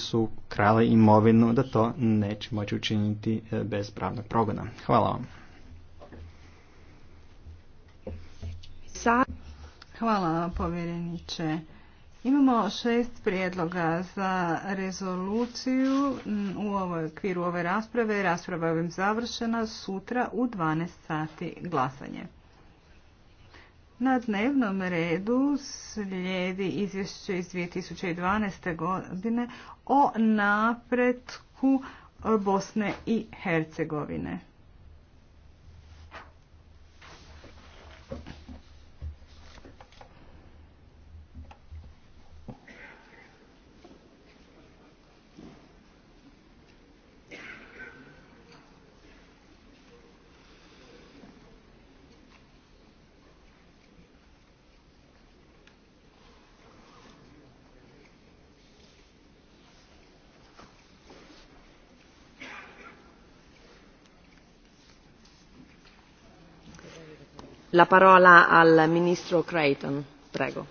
su krali imovinu, da to neće moći učiniti e, bez pravnog progona. Hvala vam. Hvala povjereniče. Imamo šest prijedloga za rezoluciju mm, u ovoj okviru ove rasprave. Rasprava je ovim završena sutra u 12 sati glasanje. Na dnevnom redu slijedi izvješće iz 2012. godine o napretku Bosne i Hercegovine. la parola al ministro Creighton. Prego.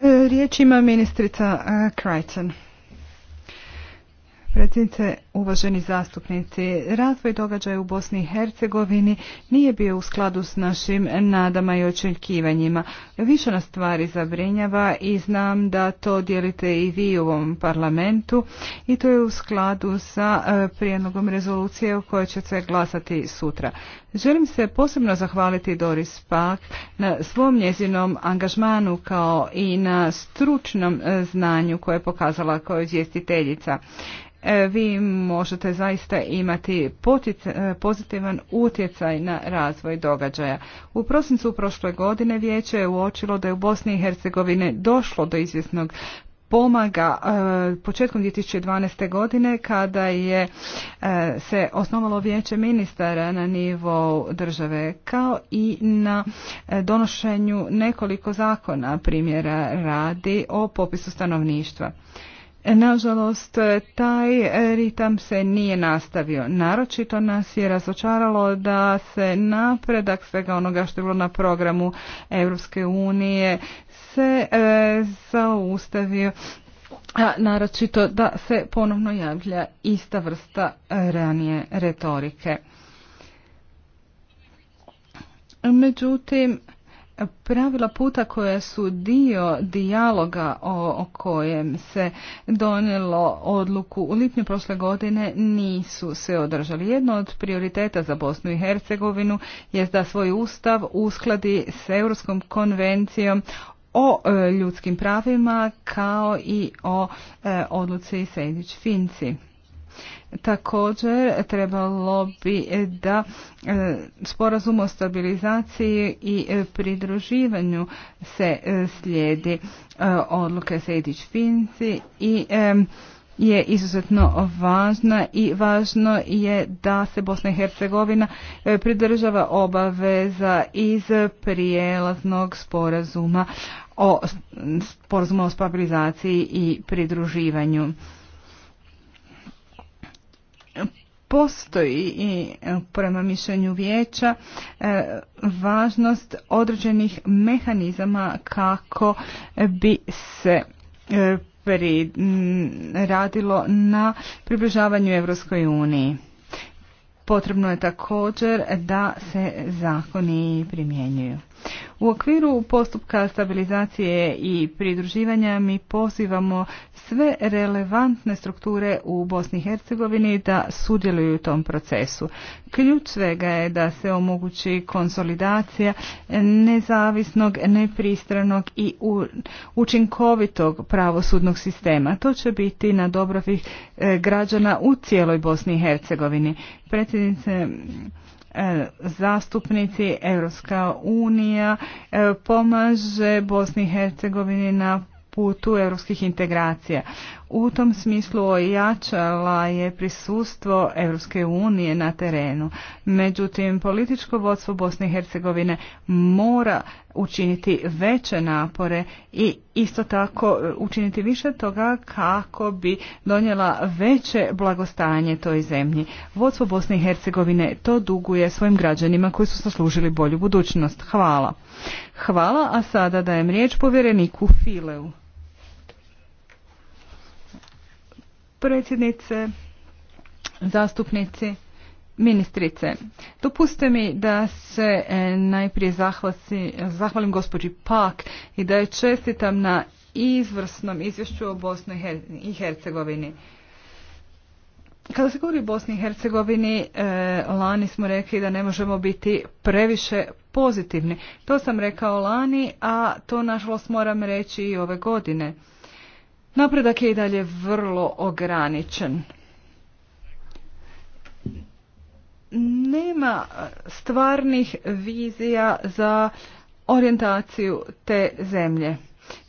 Eh, riječ ima ministrica eh, Creighton. Predsjednice, uvaženi zastupnici, razvoj događaja u Bosni i Hercegovini nije bio u skladu s našim nadama i očekivanjima. Više nas stvari zabrinjava i znam da to dijelite i vi u ovom parlamentu i to je u skladu sa e, prijedlogom rezolucije o kojoj će se glasati sutra. Želim se posebno zahvaliti Doris Pak na svom njezinom angažmanu kao i na stručnom e, znanju koje je pokazala kao izvjestiteljica. E, vi možete zaista imati e, pozitivan utjecaj na razvoj događaja. U prosincu prošle godine vijeće je uočilo da je u Bosni i Hercegovine došlo do izvjesnog pomaga e, početkom 2012. godine kada je se osnovalo vijeće ministara na nivou države kao i na donošenju nekoliko zakona primjera radi o popisu stanovništva. Nažalost, taj ritam se nije nastavio. Naročito nas je razočaralo da se napredak svega onoga što je bilo na programu Europske unije se e, zaustavio a naročito da se ponovno javlja ista vrsta ranije retorike. Međutim, pravila puta koja su dio dijaloga o, kojem se donijelo odluku u lipnju prošle godine nisu se održali. Jedno od prioriteta za Bosnu i Hercegovinu je da svoj ustav uskladi s Europskom konvencijom o e, ljudskim pravima kao i o e, odluci Sejdić Finci. Također trebalo bi e, da e, sporazum o stabilizaciji i e, pridruživanju se slijedi odluke Sejdić Finci i je izuzetno važna i važno je da se Bosna i Hercegovina pridržava obaveza iz prijelaznog sporazuma o sporazuma o stabilizaciji i pridruživanju. postoji i e, prema mišljenju vijeća e, važnost određenih mehanizama kako bi se e, radilo na približavanju Europskoj uniji. Potrebno je također da se zakoni primjenjuju. U okviru postupka stabilizacije i pridruživanja mi pozivamo sve relevantne strukture u Bosni i Hercegovini da sudjeluju u tom procesu. Ključ svega je da se omogući konsolidacija nezavisnog, nepristranog i učinkovitog pravosudnog sistema. To će biti na dobrovih e, građana u cijeloj Bosni i Hercegovini. Predsjednice E, zastupnici Europska unija e, pomaže Bosni i Hercegovini na putu europskih integracija. U tom smislu ojačala je prisustvo Europske unije na terenu. Međutim, političko vodstvo Bosne i Hercegovine mora učiniti veće napore i isto tako e, učiniti više toga kako bi donijela veće blagostanje toj zemlji. Vodstvo Bosne i Hercegovine to duguje svojim građanima koji su zaslužili bolju budućnost. Hvala. Hvala, a sada dajem riječ povjereniku Fileu. predsjednice, zastupnici, ministrice. Dopustite mi da se e, najprije zahvalim gospođi Pak i da je čestitam na izvrsnom izvješću o Bosni i Hercegovini. Kada se govori o Bosni i Hercegovini, e, lani smo rekli da ne možemo biti previše pozitivni. To sam rekao lani, a to nažalost moram reći i ove godine. Napredak je i dalje vrlo ograničen. Nema stvarnih vizija za orijentaciju te zemlje.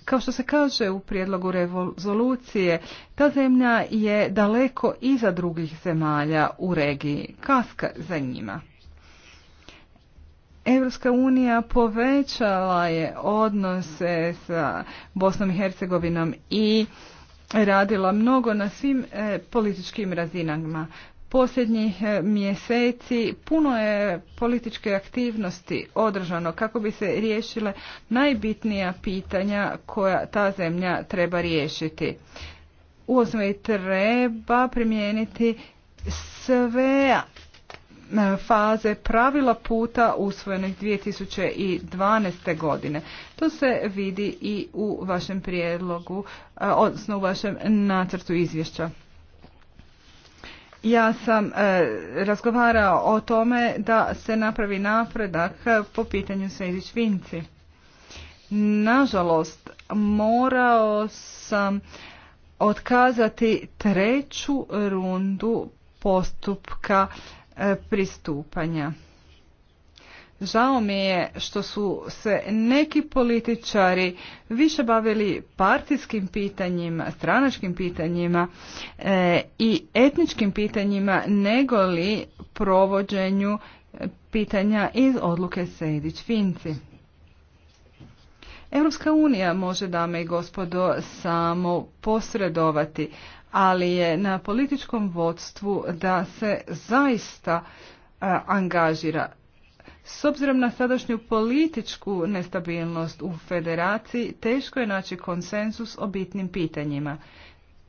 Kao što se kaže u prijedlogu rezolucije, ta zemlja je daleko iza drugih zemalja u regiji, kaska za njima. Europska unija povećala je odnose sa Bosnom i Hercegovinom i radila mnogo na svim e, političkim razinama. Posljednjih e, mjeseci puno je političke aktivnosti održano kako bi se riješile najbitnija pitanja koja ta zemlja treba riješiti. U osnovi treba primijeniti sve faze pravila puta usvojenih 2012. godine. To se vidi i u vašem prijedlogu, e, odnosno u vašem nacrtu izvješća. Ja sam e, razgovarao o tome da se napravi napredak po pitanju Sejdić Vinci. Nažalost, morao sam otkazati treću rundu postupka E, pristupanja. Žao mi je što su se neki političari više bavili partijskim pitanjima, stranačkim pitanjima e, i etničkim pitanjima nego li provođenju pitanja iz odluke Sejdić Finci. Europska unija može, dame i gospodo, samo posredovati, ali je na političkom vodstvu da se zaista e, angažira. S obzirom na sadašnju političku nestabilnost u federaciji, teško je naći konsensus o bitnim pitanjima.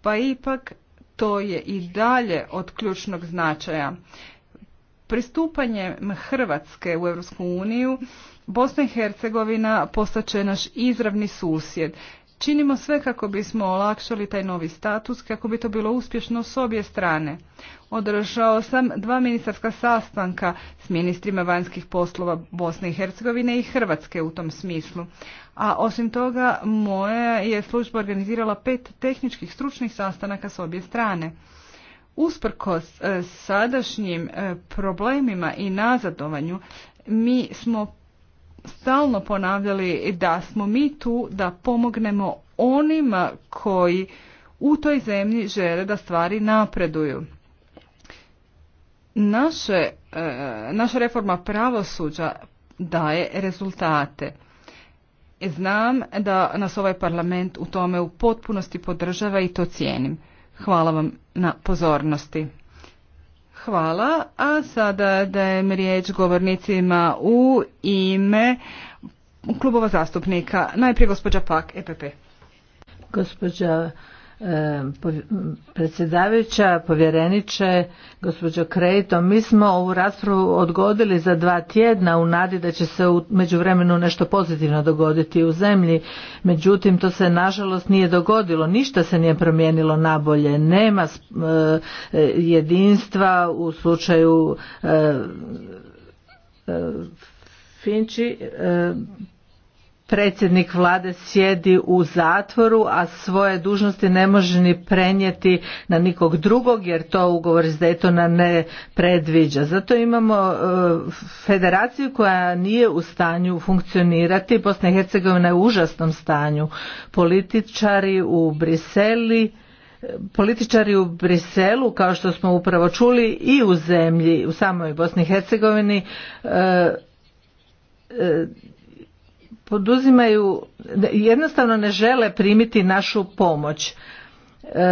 Pa ipak to je i dalje od ključnog značaja. Pristupanjem Hrvatske u EU, Bosna i Hercegovina postaće naš izravni susjed Činimo sve kako bismo olakšali taj novi status, kako bi to bilo uspješno s obje strane. Održao sam dva ministarska sastanka s ministrima vanjskih poslova Bosne i Hercegovine i Hrvatske u tom smislu. A osim toga, moja je služba organizirala pet tehničkih stručnih sastanaka s obje strane. Usprkos e, sadašnjim e, problemima i nazadovanju, mi smo stalno ponavljali da smo mi tu da pomognemo onima koji u toj zemlji žele da stvari napreduju. Naše, e, naša reforma pravosuđa daje rezultate. Znam da nas ovaj parlament u tome u potpunosti podržava i to cijenim. Hvala vam na pozornosti. Hvala. A sada dajem riječ govornicima u ime klubova zastupnika. Najprije gospođa Pak, EPP. Gospođa predsjedavajuća, povjereniče, gospođo Krejto, mi smo ovu raspravu odgodili za dva tjedna u nadi da će se u međuvremenu nešto pozitivno dogoditi u zemlji. Međutim, to se nažalost nije dogodilo, ništa se nije promijenilo nabolje, nema e, jedinstva u slučaju e, e, Finči predsjednik vlade sjedi u zatvoru, a svoje dužnosti ne može ni prenijeti na nikog drugog jer to ugovor iz Daytona ne predviđa. Zato imamo e, federaciju koja nije u stanju funkcionirati. Bosna i Hercegovina je u užasnom stanju. Političari u Briseli političari u Briselu, kao što smo upravo čuli, i u zemlji, u samoj Bosni i Hercegovini, e, e, poduzimaju, jednostavno ne žele primiti našu pomoć. E,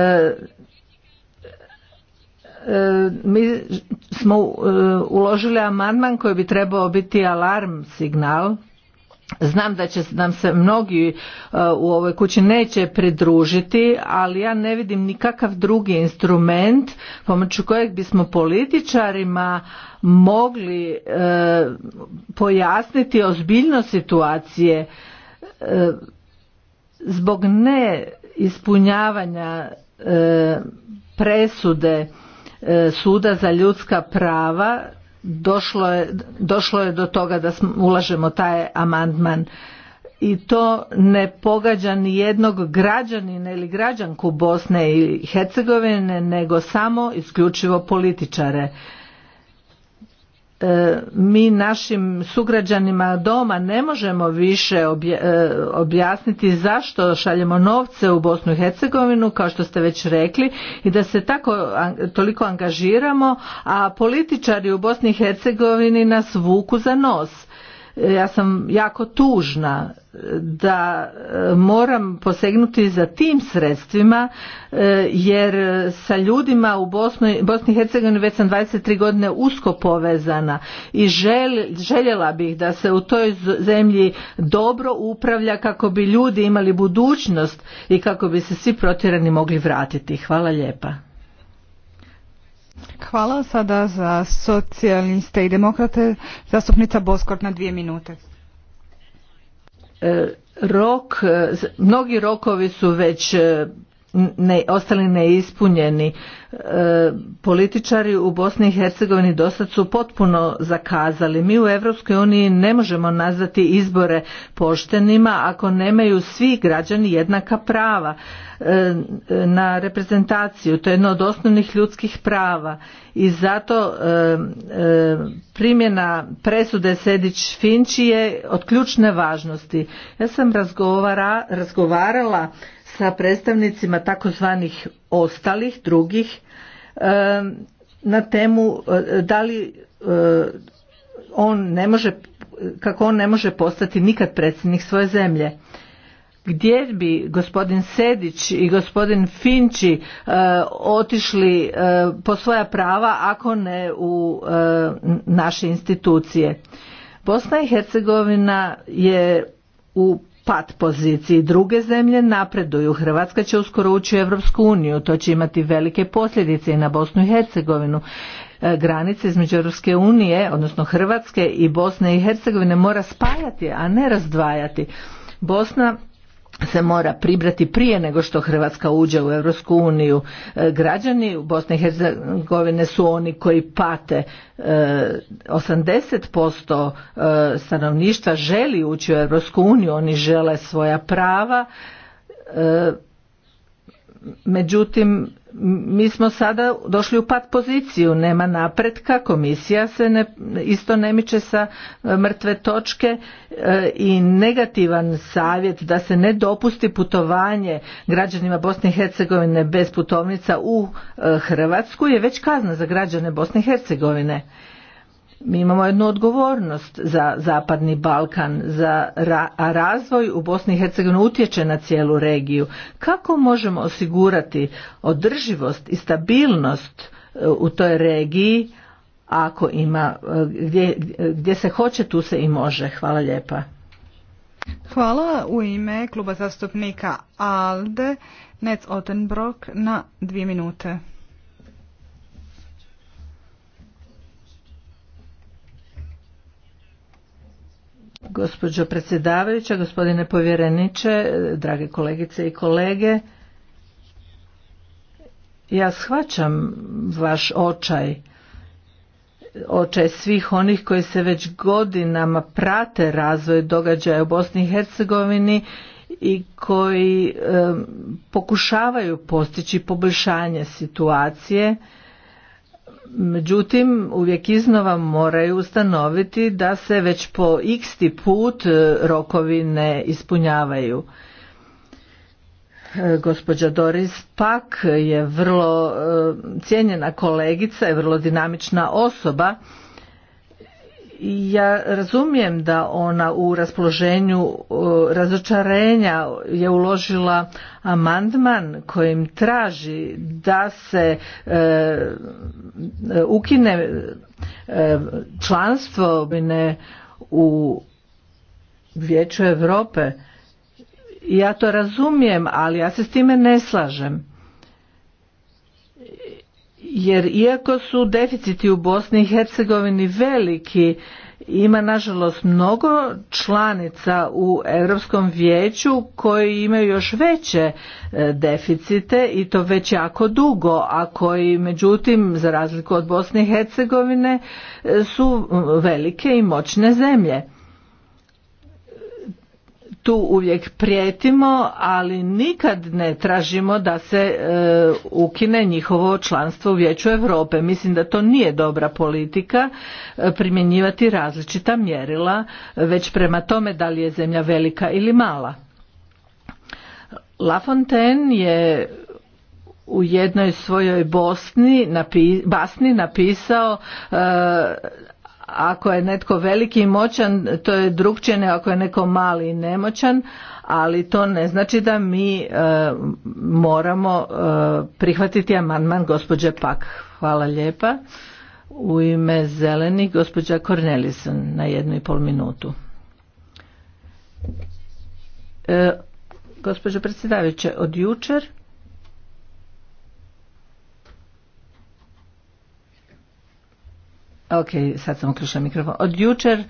e, mi smo e, uložili amandman koji bi trebao biti alarm signal Znam da će nam se mnogi e, u ovoj kući neće pridružiti, ali ja ne vidim nikakav drugi instrument pomoću kojeg bismo političarima mogli e, pojasniti ozbiljno situacije e, zbog ne ispunjavanja presude suda za ljudska prava došlo je, došlo je do toga da ulažemo taj amandman i to ne pogađa ni jednog građanina ili građanku Bosne i Hercegovine nego samo isključivo političare E, mi našim sugrađanima doma ne možemo više e, objasniti zašto šaljemo novce u Bosnu i Hercegovinu kao što ste već rekli i da se tako toliko angažiramo a političari u Bosni i Hercegovini nas vuku za nos ja sam jako tužna e, da e, moram posegnuti za tim sredstvima e, jer sa ljudima u Bosni, i Hercegovini već sam 23 godine usko povezana i željela bih da se u toj zemlji dobro upravlja kako bi ljudi imali budućnost i kako bi se svi protjerani mogli vratiti. Hvala lijepa. Hvala sada za socijaliste i demokrate. Zastupnica Boskort na dvije minute. E, rok, e, mnogi rokovi su već e, ne, ostali neispunjeni. E, političari u Bosni i Hercegovini dosad su potpuno zakazali. Mi u Europskoj uniji ne možemo nazvati izbore poštenima ako nemaju svi građani jednaka prava e, na reprezentaciju. To je jedno od osnovnih ljudskih prava i zato e, primjena presude Sedić Finči je od ključne važnosti. Ja sam razgovara, razgovarala sa predstavnicima takozvanih ostalih drugih na temu e, da li e, on ne može kako on ne može postati nikad predsjednik svoje zemlje gdje bi gospodin Sedić i gospodin Finči e, otišli po svoja prava ako ne u naše institucije. Bosna i Hercegovina je u pad poziciji. Druge zemlje napreduju. Hrvatska će uskoro ući u Europsku uniju. To će imati velike posljedice i na Bosnu i Hercegovinu. E, granice između Europske unije, odnosno Hrvatske i Bosne i Hercegovine mora spajati, a ne razdvajati. Bosna se mora pribrati prije nego što Hrvatska uđe u Europsku uniju. E, građani u Bosni i Hercegovine su oni koji pate. 80% e, e, stanovništva želi ući u Europsku uniju, oni žele svoja prava. Međutim, mi smo sada došli u pat poziciju, nema napretka, komisija se ne, isto ne miče sa e, mrtve točke e, i negativan savjet da se ne dopusti putovanje građanima Bosne i Hercegovine bez putovnica u e, Hrvatsku je već kazna za građane Bosne i Hercegovine. Mi imamo jednu odgovornost za Zapadni Balkan, za a razvoj u Bosni i Hercegovini utječe na cijelu regiju. Kako možemo osigurati održivost i stabilnost e, u toj regiji ako ima e, gdje, gdje se hoće tu se i može. Hvala lijepa. Hvala u ime kluba zastupnika ALDE Nec Otenbrok na dvije minute. Gospođo predsjedavajuća, gospodine povjereniče, drage kolegice i kolege, ja shvaćam vaš očaj, očaj svih onih koji se već godinama prate razvoj događaja u Bosni i Hercegovini i koji pokušavaju postići poboljšanje situacije Međutim, uvijek iznova moraju ustanoviti da se već po iksti put e, rokovi ne ispunjavaju. E, gospođa Doris Pak je vrlo e, cijenjena kolegica, je vrlo dinamična osoba ja razumijem da ona u raspoloženju e, razočarenja je uložila amandman kojim traži da se e, ukine e, članstvo u Vijeću Europe. Ja to razumijem, ali ja se s time ne slažem jer iako su deficiti u Bosni i Hercegovini veliki, ima nažalost mnogo članica u Europskom vijeću koji imaju još veće e, deficite i to već jako dugo, a koji međutim za razliku od Bosne i Hercegovine e, su velike i moćne zemlje tu uvijek prijetimo, ali nikad ne tražimo da se e, ukine njihovo članstvo u Vijeću Europe. Mislim da to nije dobra politika e, primjenjivati različita mjerila već prema tome da li je zemlja velika ili mala. Lafontaine je u jednoj svojoj Bosni, basni napisao e, ako je netko veliki i moćan to je drugčije nego ako je neko mali i nemoćan ali to ne znači da mi e, moramo e, prihvatiti amandman gospođe Pak. Hvala lijepa. U ime zelenih gospođa Kornelison na jednu i pol minutu. E, gospođo predsjedavajuće, od jučer Ok, sad sam uključila mikrofon. Od jučer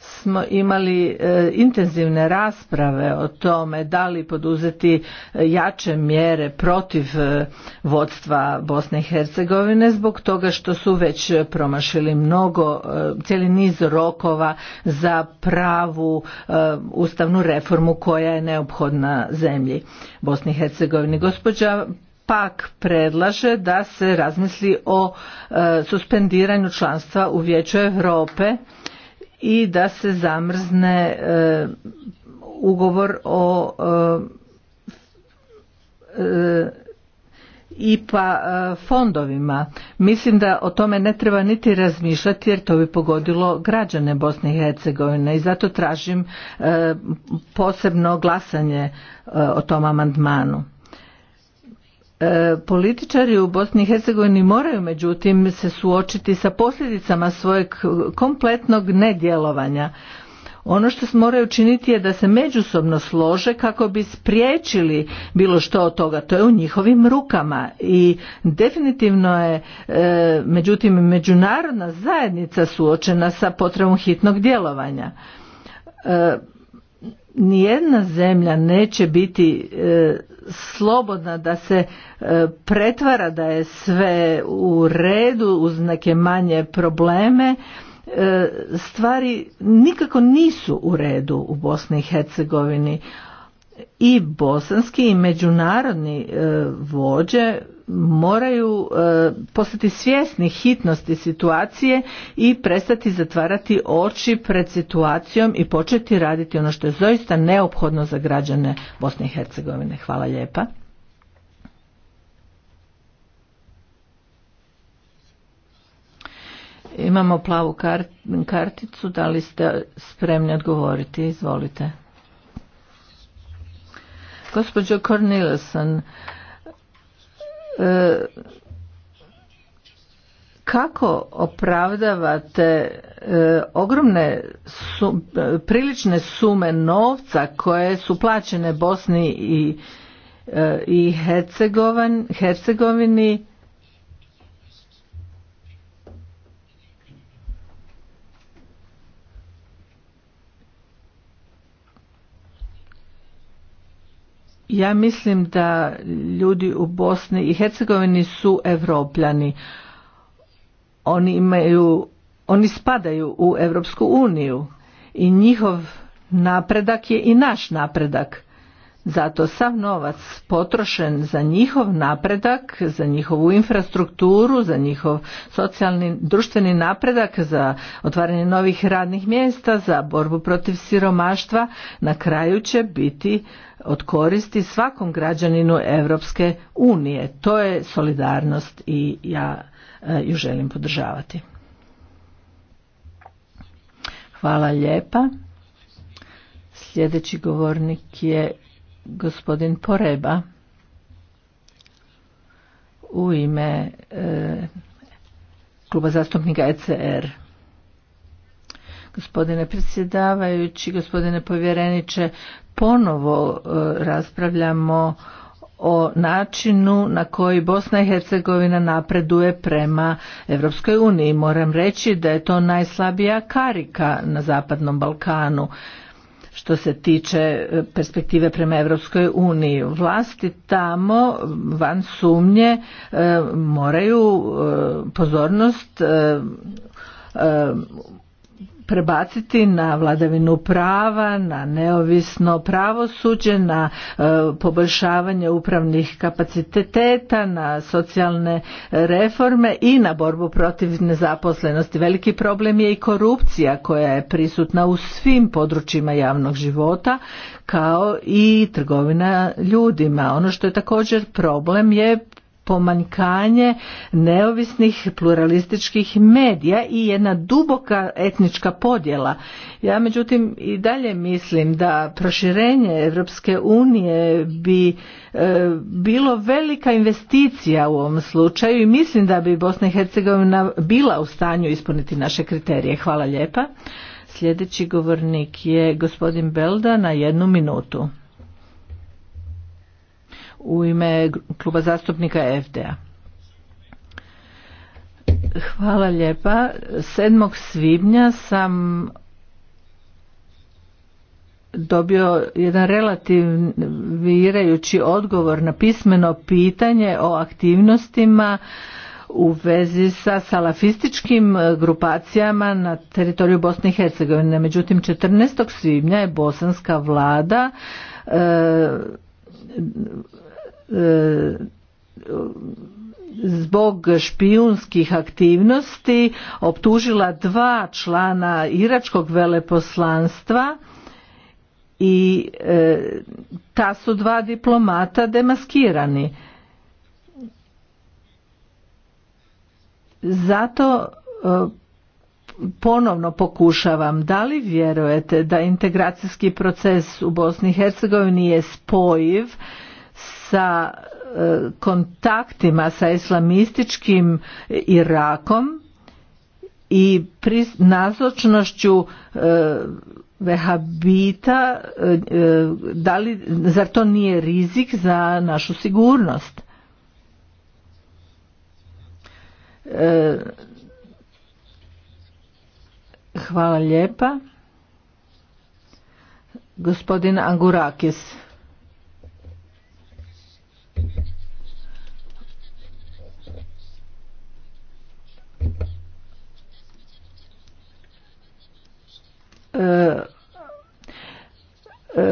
smo imali e, intenzivne rasprave o tome da li poduzeti e, jače mjere protiv e, vodstva Bosne i Hercegovine zbog toga što su već promašili mnogo cijeli niz rokova za pravu ustavnu reformu koja je neophodna zemlji Bosni i Hercegovini. Gospođa pak predlaže da se razmisli o e, suspendiranju članstva u Vijeću Europe i da se zamrzne e, ugovor o e, IPA fondovima. Mislim da o tome ne treba niti razmišljati jer to bi pogodilo građane Bosne i Hercegovine i zato tražim posebno glasanje o tom amandmanu. E, političari u Bosni i Hercegovini moraju međutim se suočiti sa posljedicama svojeg kompletnog nedjelovanja. Ono što se moraju činiti je da se međusobno slože kako bi spriječili bilo što od toga. To je u njihovim rukama i definitivno je, e, međutim, međunarodna zajednica suočena sa potrebom hitnog djelovanja. E, nijedna zemlja neće biti slobodna da se e, pretvara da je sve u redu uz neke manje probleme e, stvari nikako nisu u redu u Bosni i Hercegovini i bosanski i međunarodni e, vođe moraju e, postati svjesni hitnosti situacije i prestati zatvarati oči pred situacijom i početi raditi ono što je zaista neophodno za građane Bosne i Hercegovine. Hvala lijepa. Imamo plavu karticu, da li ste spremni odgovoriti? Izvolite. Gospođo Cornelison, E, kako opravdavate e, ogromne e, prilične sume novca koje su plaćene Bosni i i Hercegovini Ja mislim da ljudi u Bosni i Hercegovini su evropljani. Oni imaju, oni spadaju u Europsku uniju i njihov napredak je i naš napredak. Zato sav novac potrošen za njihov napredak, za njihovu infrastrukturu, za njihov socijalni, društveni napredak, za otvaranje novih radnih mjesta, za borbu protiv siromaštva, na kraju će biti od koristi svakom građaninu Europske unije. To je solidarnost i ja e, ju želim podržavati. Hvala lijepa. Sljedeći govornik je gospodin Poreba u ime e, kluba zastupnika ECR. Gospodine predsjedavajući, gospodine povjereniče, ponovo e, raspravljamo o načinu na koji Bosna i Hercegovina napreduje prema Europskoj uniji. Moram reći da je to najslabija karika na Zapadnom Balkanu što se tiče e, perspektive prema Europskoj uniji. Vlasti tamo van sumnje e, moraju e, pozornost prebaciti na vladavinu prava, na neovisno pravosuđe, na e, poboljšavanje upravnih kapaciteta, na socijalne e, reforme i na borbu protiv nezaposlenosti. Veliki problem je i korupcija koja je prisutna u svim područjima javnog života kao i trgovina ljudima. Ono što je također problem je pomanjkanje neovisnih pluralističkih medija i jedna duboka etnička podjela. Ja međutim i dalje mislim da proširenje Europske unije bi e, bilo velika investicija u ovom slučaju i mislim da bi Bosna i Hercegovina bila u stanju ispuniti naše kriterije. Hvala lijepa. Sljedeći govornik je gospodin Belda na jednu minutu u ime kluba zastupnika FDA. Hvala lijepa. 7. svibnja sam dobio jedan relativirajući odgovor na pismeno pitanje o aktivnostima u vezi sa salafističkim grupacijama na teritoriju Bosne i Hercegovine. Međutim, 14. svibnja je bosanska vlada e, zbog špijunskih aktivnosti optužila dva člana iračkog veleposlanstva i e, ta su dva diplomata demaskirani zato e, ponovno pokušavam da li vjerujete da integracijski proces u Bosni i Hercegovini je spojiv sa e, kontaktima sa islamističkim Irakom i nazočnošću e, vehabita e, da li, zar to nije rizik za našu sigurnost hvala lijepa gospodin Angurakis E, e,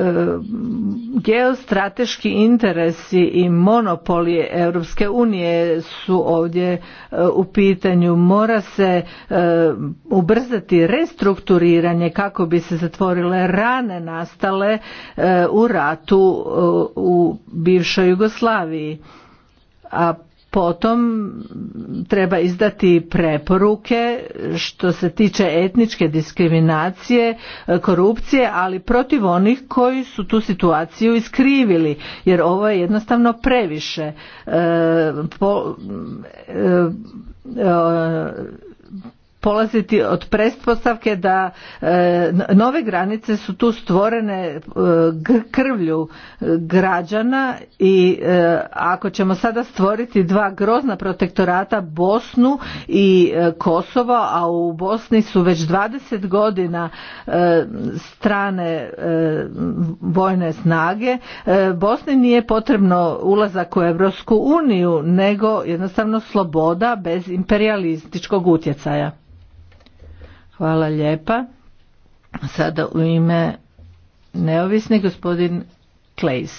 geostrateški interesi i monopoli Europske unije su ovdje e, u pitanju. Mora se ubrzati restrukturiranje kako bi se zatvorile rane nastale u ratu u bivšoj Jugoslaviji. A Potom treba izdati preporuke što se tiče etničke diskriminacije, e, korupcije, ali protiv onih koji su tu situaciju iskrivili, jer ovo je jednostavno previše. E, e, e polaziti od pretpostavke da e, nove granice su tu stvorene e, krvlju e, građana i ako ćemo sada stvoriti dva grozna protektorata Bosnu i Kosovo, a u Bosni su već 20 godina strane vojne snage, Bosni nije potrebno ulazak u Europsku uniju, nego jednostavno sloboda bez imperialističkog utjecaja. Hvala lijepa. Sada u ime neovisni gospodin Klejs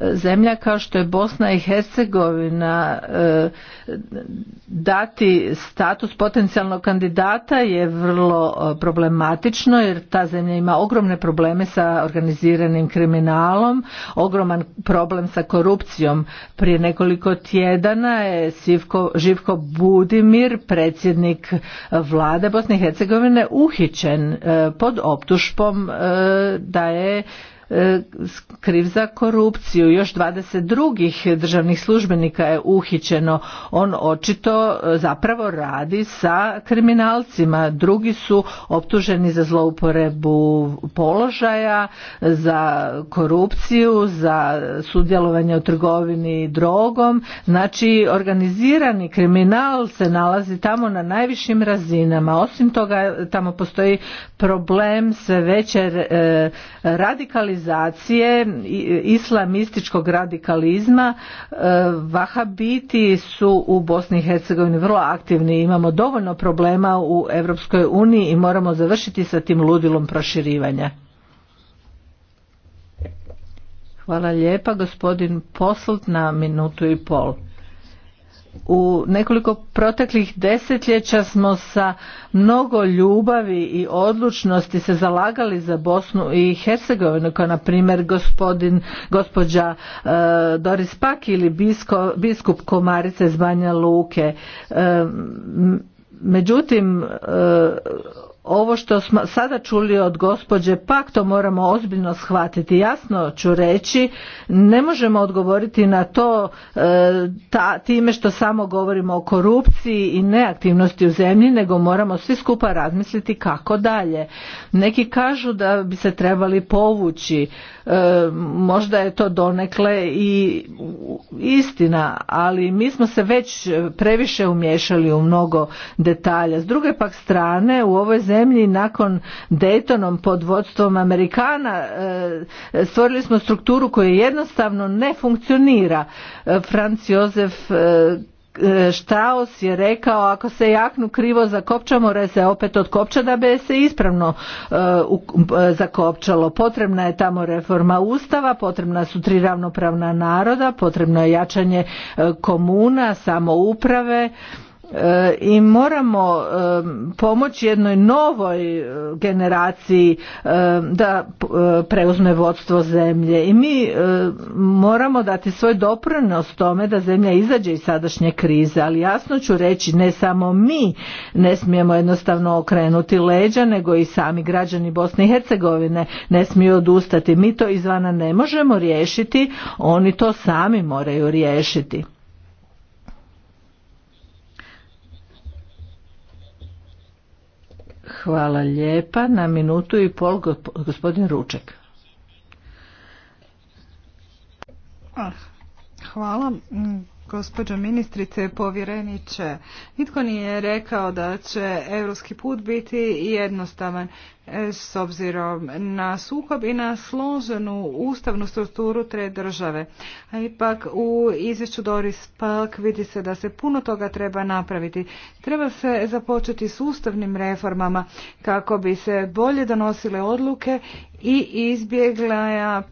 zemlja kao što je Bosna i Hercegovina e, dati status potencijalnog kandidata je vrlo e, problematično jer ta zemlja ima ogromne probleme sa organiziranim kriminalom, ogroman problem sa korupcijom. Prije nekoliko tjedana je Živko Budimir, predsjednik vlade Bosne i Hercegovine, uhićen e, pod optužbom da je kriv za korupciju. Još dvadeset drugih državnih službenika je uhićeno. On očito e, zapravo radi sa kriminalcima. Drugi su optuženi za zlouporebu položaja, za korupciju, za sudjelovanje u trgovini drogom. Znači organizirani kriminal se nalazi tamo na najvišim razinama. Osim toga tamo postoji problem sve veće e, radikalizacije radikalizacije, islamističkog radikalizma, e, vahabiti su u Bosni i Hercegovini vrlo aktivni. Imamo dovoljno problema u Europskoj uniji i moramo završiti sa tim ludilom proširivanja. Hvala lijepa gospodin Poslut, na minutu i pol. U nekoliko proteklih desetljeća smo sa mnogo ljubavi i odlučnosti se zalagali za Bosnu i Hercegovinu, kao na primjer gospodin, gospođa e, Doris Pak ili biskup Komarice iz Banja Luke. E, međutim, e, ovo što smo sada čuli od gospođe pak to moramo ozbiljno shvatiti jasno ću reći ne možemo odgovoriti na to e, time što samo govorimo o korupciji i neaktivnosti u zemlji nego moramo svi skupa razmisliti kako dalje neki kažu da bi se trebali povući E, možda je to donekle i istina, ali mi smo se već previše umješali u mnogo detalja. S druge pak strane u ovoj zemlji nakon Daytonom pod vodstvom Amerikana e, stvorili smo strukturu koja jednostavno ne funkcionira. E, Franz Josef E, Štaos je rekao ako se jaknu krivo zakopča more se opet otkopča da bi se ispravno e, e, zakopčalo. Potrebna je tamo reforma ustava, potrebna su tri ravnopravna naroda, potrebno je jačanje komuna, samouprave E, i moramo e, pomoći jednoj novoj e, generaciji da preuzme vodstvo zemlje i mi moramo dati svoj doprinos tome da zemlja izađe iz sadašnje krize ali jasno ću reći ne samo mi ne smijemo jednostavno okrenuti leđa nego i sami građani Bosne i Hercegovine ne smiju odustati mi to izvana ne možemo riješiti oni to sami moraju riješiti Hvala lijepa. Na minutu i pol gospodin Ruček. Ah, hvala. Mm, gospođo ministrice, Povjereniće. nitko nije rekao da će europski put biti jednostavan s obzirom na sukob i na složenu ustavnu strukturu tre države. A ipak u izvješću Doris Park vidi se da se puno toga treba napraviti. Treba se započeti s ustavnim reformama kako bi se bolje donosile odluke i izbjegla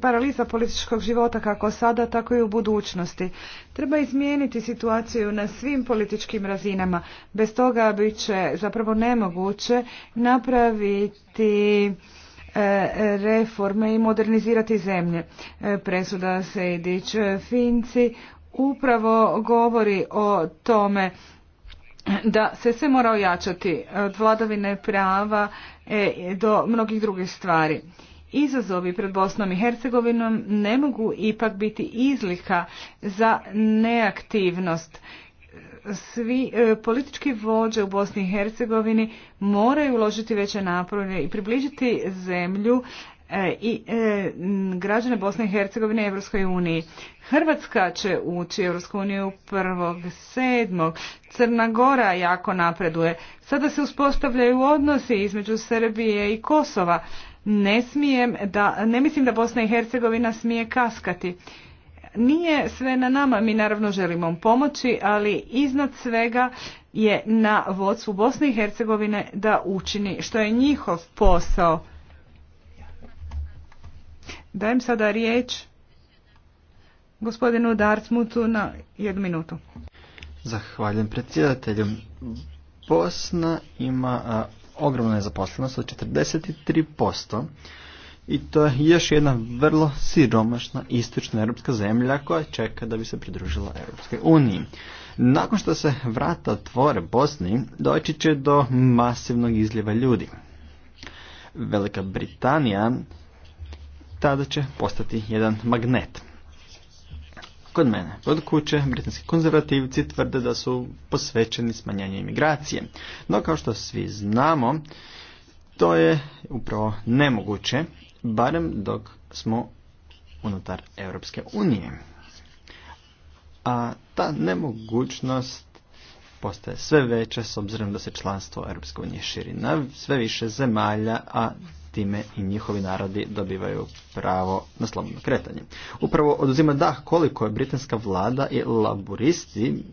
paraliza političkog života kako sada, tako i u budućnosti. Treba izmijeniti situaciju na svim političkim razinama. Bez toga bit će zapravo nemoguće napraviti biti e, reforme i modernizirati zemlje. E, presuda Sejdić e, Finci upravo govori o tome da se sve mora ojačati od vladavine prava do mnogih drugih stvari. Izazovi pred Bosnom i Hercegovinom ne mogu ipak biti izlika za neaktivnost svi e, politički vođe u Bosni i Hercegovini moraju uložiti veće napore i približiti zemlju e, i e, građane Bosne i Hercegovine Evropskoj uniji. Hrvatska će ući Evropsku uniju 1.7. Crna Gora jako napreduje. Sada se uspostavljaju odnosi između Srbije i Kosova. Ne smijem da, ne mislim da Bosna i Hercegovina smije kaskati. Nije sve na nama, mi naravno želimo pomoći, ali iznad svega je na vodstvu Bosne i Hercegovine da učini što je njihov posao. Dajem sada riječ gospodinu Dartmutu na jednu minutu. Zahvaljujem predsjedatelju. Bosna ima a, ogromna nezaposlenost od 43%. I to je još jedna vrlo siromašna istočna europska zemlja koja čeka da bi se pridružila Europske uniji. Nakon što se vrata otvore Bosni, doći će do masivnog izljeva ljudi. Velika Britanija tada će postati jedan magnet. Kod mene, od kuće, britanski konzervativci tvrde da su posvećeni smanjanju imigracije. No, kao što svi znamo, to je upravo nemoguće barem dok smo unutar Europske unije. A ta nemogućnost postaje sve veća s obzirom da se članstvo Europske unije širi na sve više zemalja, a time i njihovi narodi dobivaju pravo na slobodno kretanje. Upravo oduzima dah koliko je britanska vlada i laburisti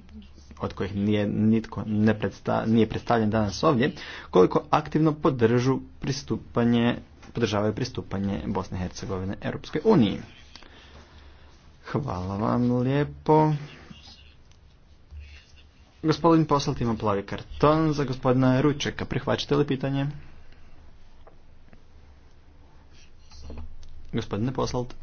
od kojih nije, nitko ne predsta, nije predstavljen danas ovdje, koliko aktivno podržu pristupanje podržavaju pristupanje Bosne i Hercegovine Europskoj uniji. Hvala vam lijepo. Gospodin Poslat ima plavi karton za gospodina Ručeka. Prihvaćate li pitanje? Gospodine Poslat.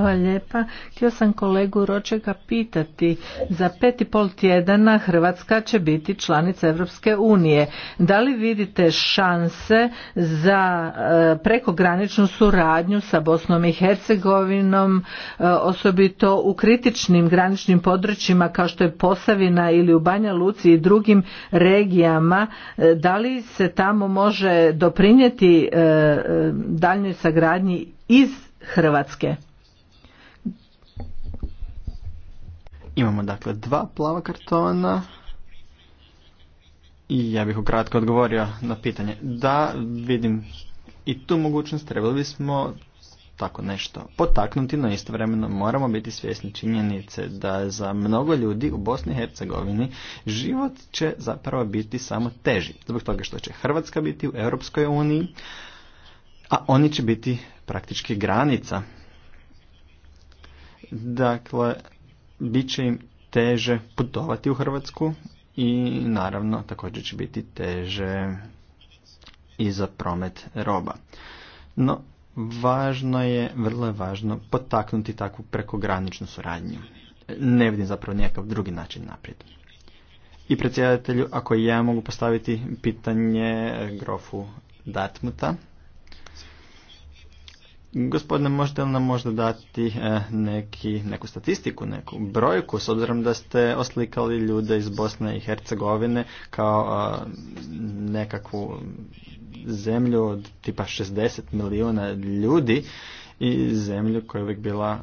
Hvala lijepa. Htio sam kolegu Ročega pitati. Za pet i pol tjedana Hrvatska će biti članica Europske unije. Da li vidite šanse za e, prekograničnu suradnju sa Bosnom i Hercegovinom, e, osobito u kritičnim graničnim područjima kao što je Posavina ili u Banja Luci i drugim regijama? E, da li se tamo može doprinijeti daljnjoj sagradnji iz Hrvatske? Imamo dakle dva plava kartona. I ja bih ukratko odgovorio na pitanje. Da, vidim i tu mogućnost trebali bismo tako nešto potaknuti, no istovremeno moramo biti svjesni činjenice da za mnogo ljudi u Bosni i Hercegovini život će zapravo biti samo teži. Zbog toga što će Hrvatska biti u Europskoj uniji, a oni će biti praktički granica. Dakle, bit će im teže putovati u Hrvatsku i naravno također će biti teže i za promet roba. No, važno je, vrlo je važno potaknuti takvu prekograničnu suradnju. Ne vidim zapravo nikakav drugi način naprijed. I predsjedatelju, ako ja mogu postaviti pitanje grofu Datmuta. Gospodine, možete li nam možda dati eh, neki, neku statistiku, neku brojku, s obzirom da ste oslikali ljude iz Bosne i Hercegovine kao eh, nekakvu zemlju od tipa 60 milijuna ljudi i zemlju koja je uvijek bila...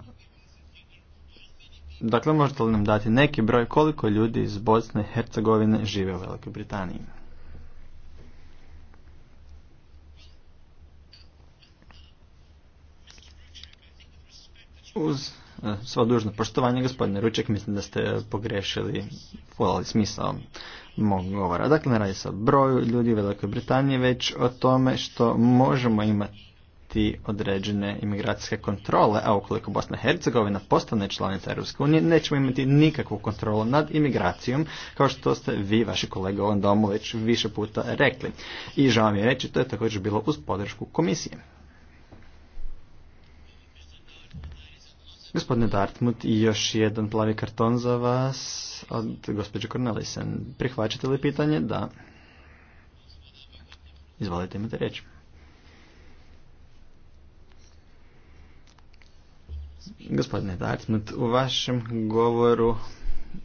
Dakle, možete li nam dati neki broj koliko ljudi iz Bosne i Hercegovine žive u Velikoj Britaniji? Uz e, svo dužno poštovanje, gospodine Ruček, mislim da ste pogrešili, smisao mog govora. Dakle, ne radi se o broju ljudi u Velikoj Britaniji, već o tome što možemo imati određene imigracijske kontrole, a ukoliko Bosna i Hercegovina postane članica EU, unije, nećemo imati nikakvu kontrolu nad imigracijom, kao što ste vi, vaši kolege u ovom domu, već više puta rekli. I žao mi je reći, to je također bilo uz podršku komisije. Gospodine Dartmut, i još jedan plavi karton za vas od gospođe Cornelisen. Prihvaćate li pitanje? Da. Izvolite, imate riječ. Gospodine Dartmut, u vašem govoru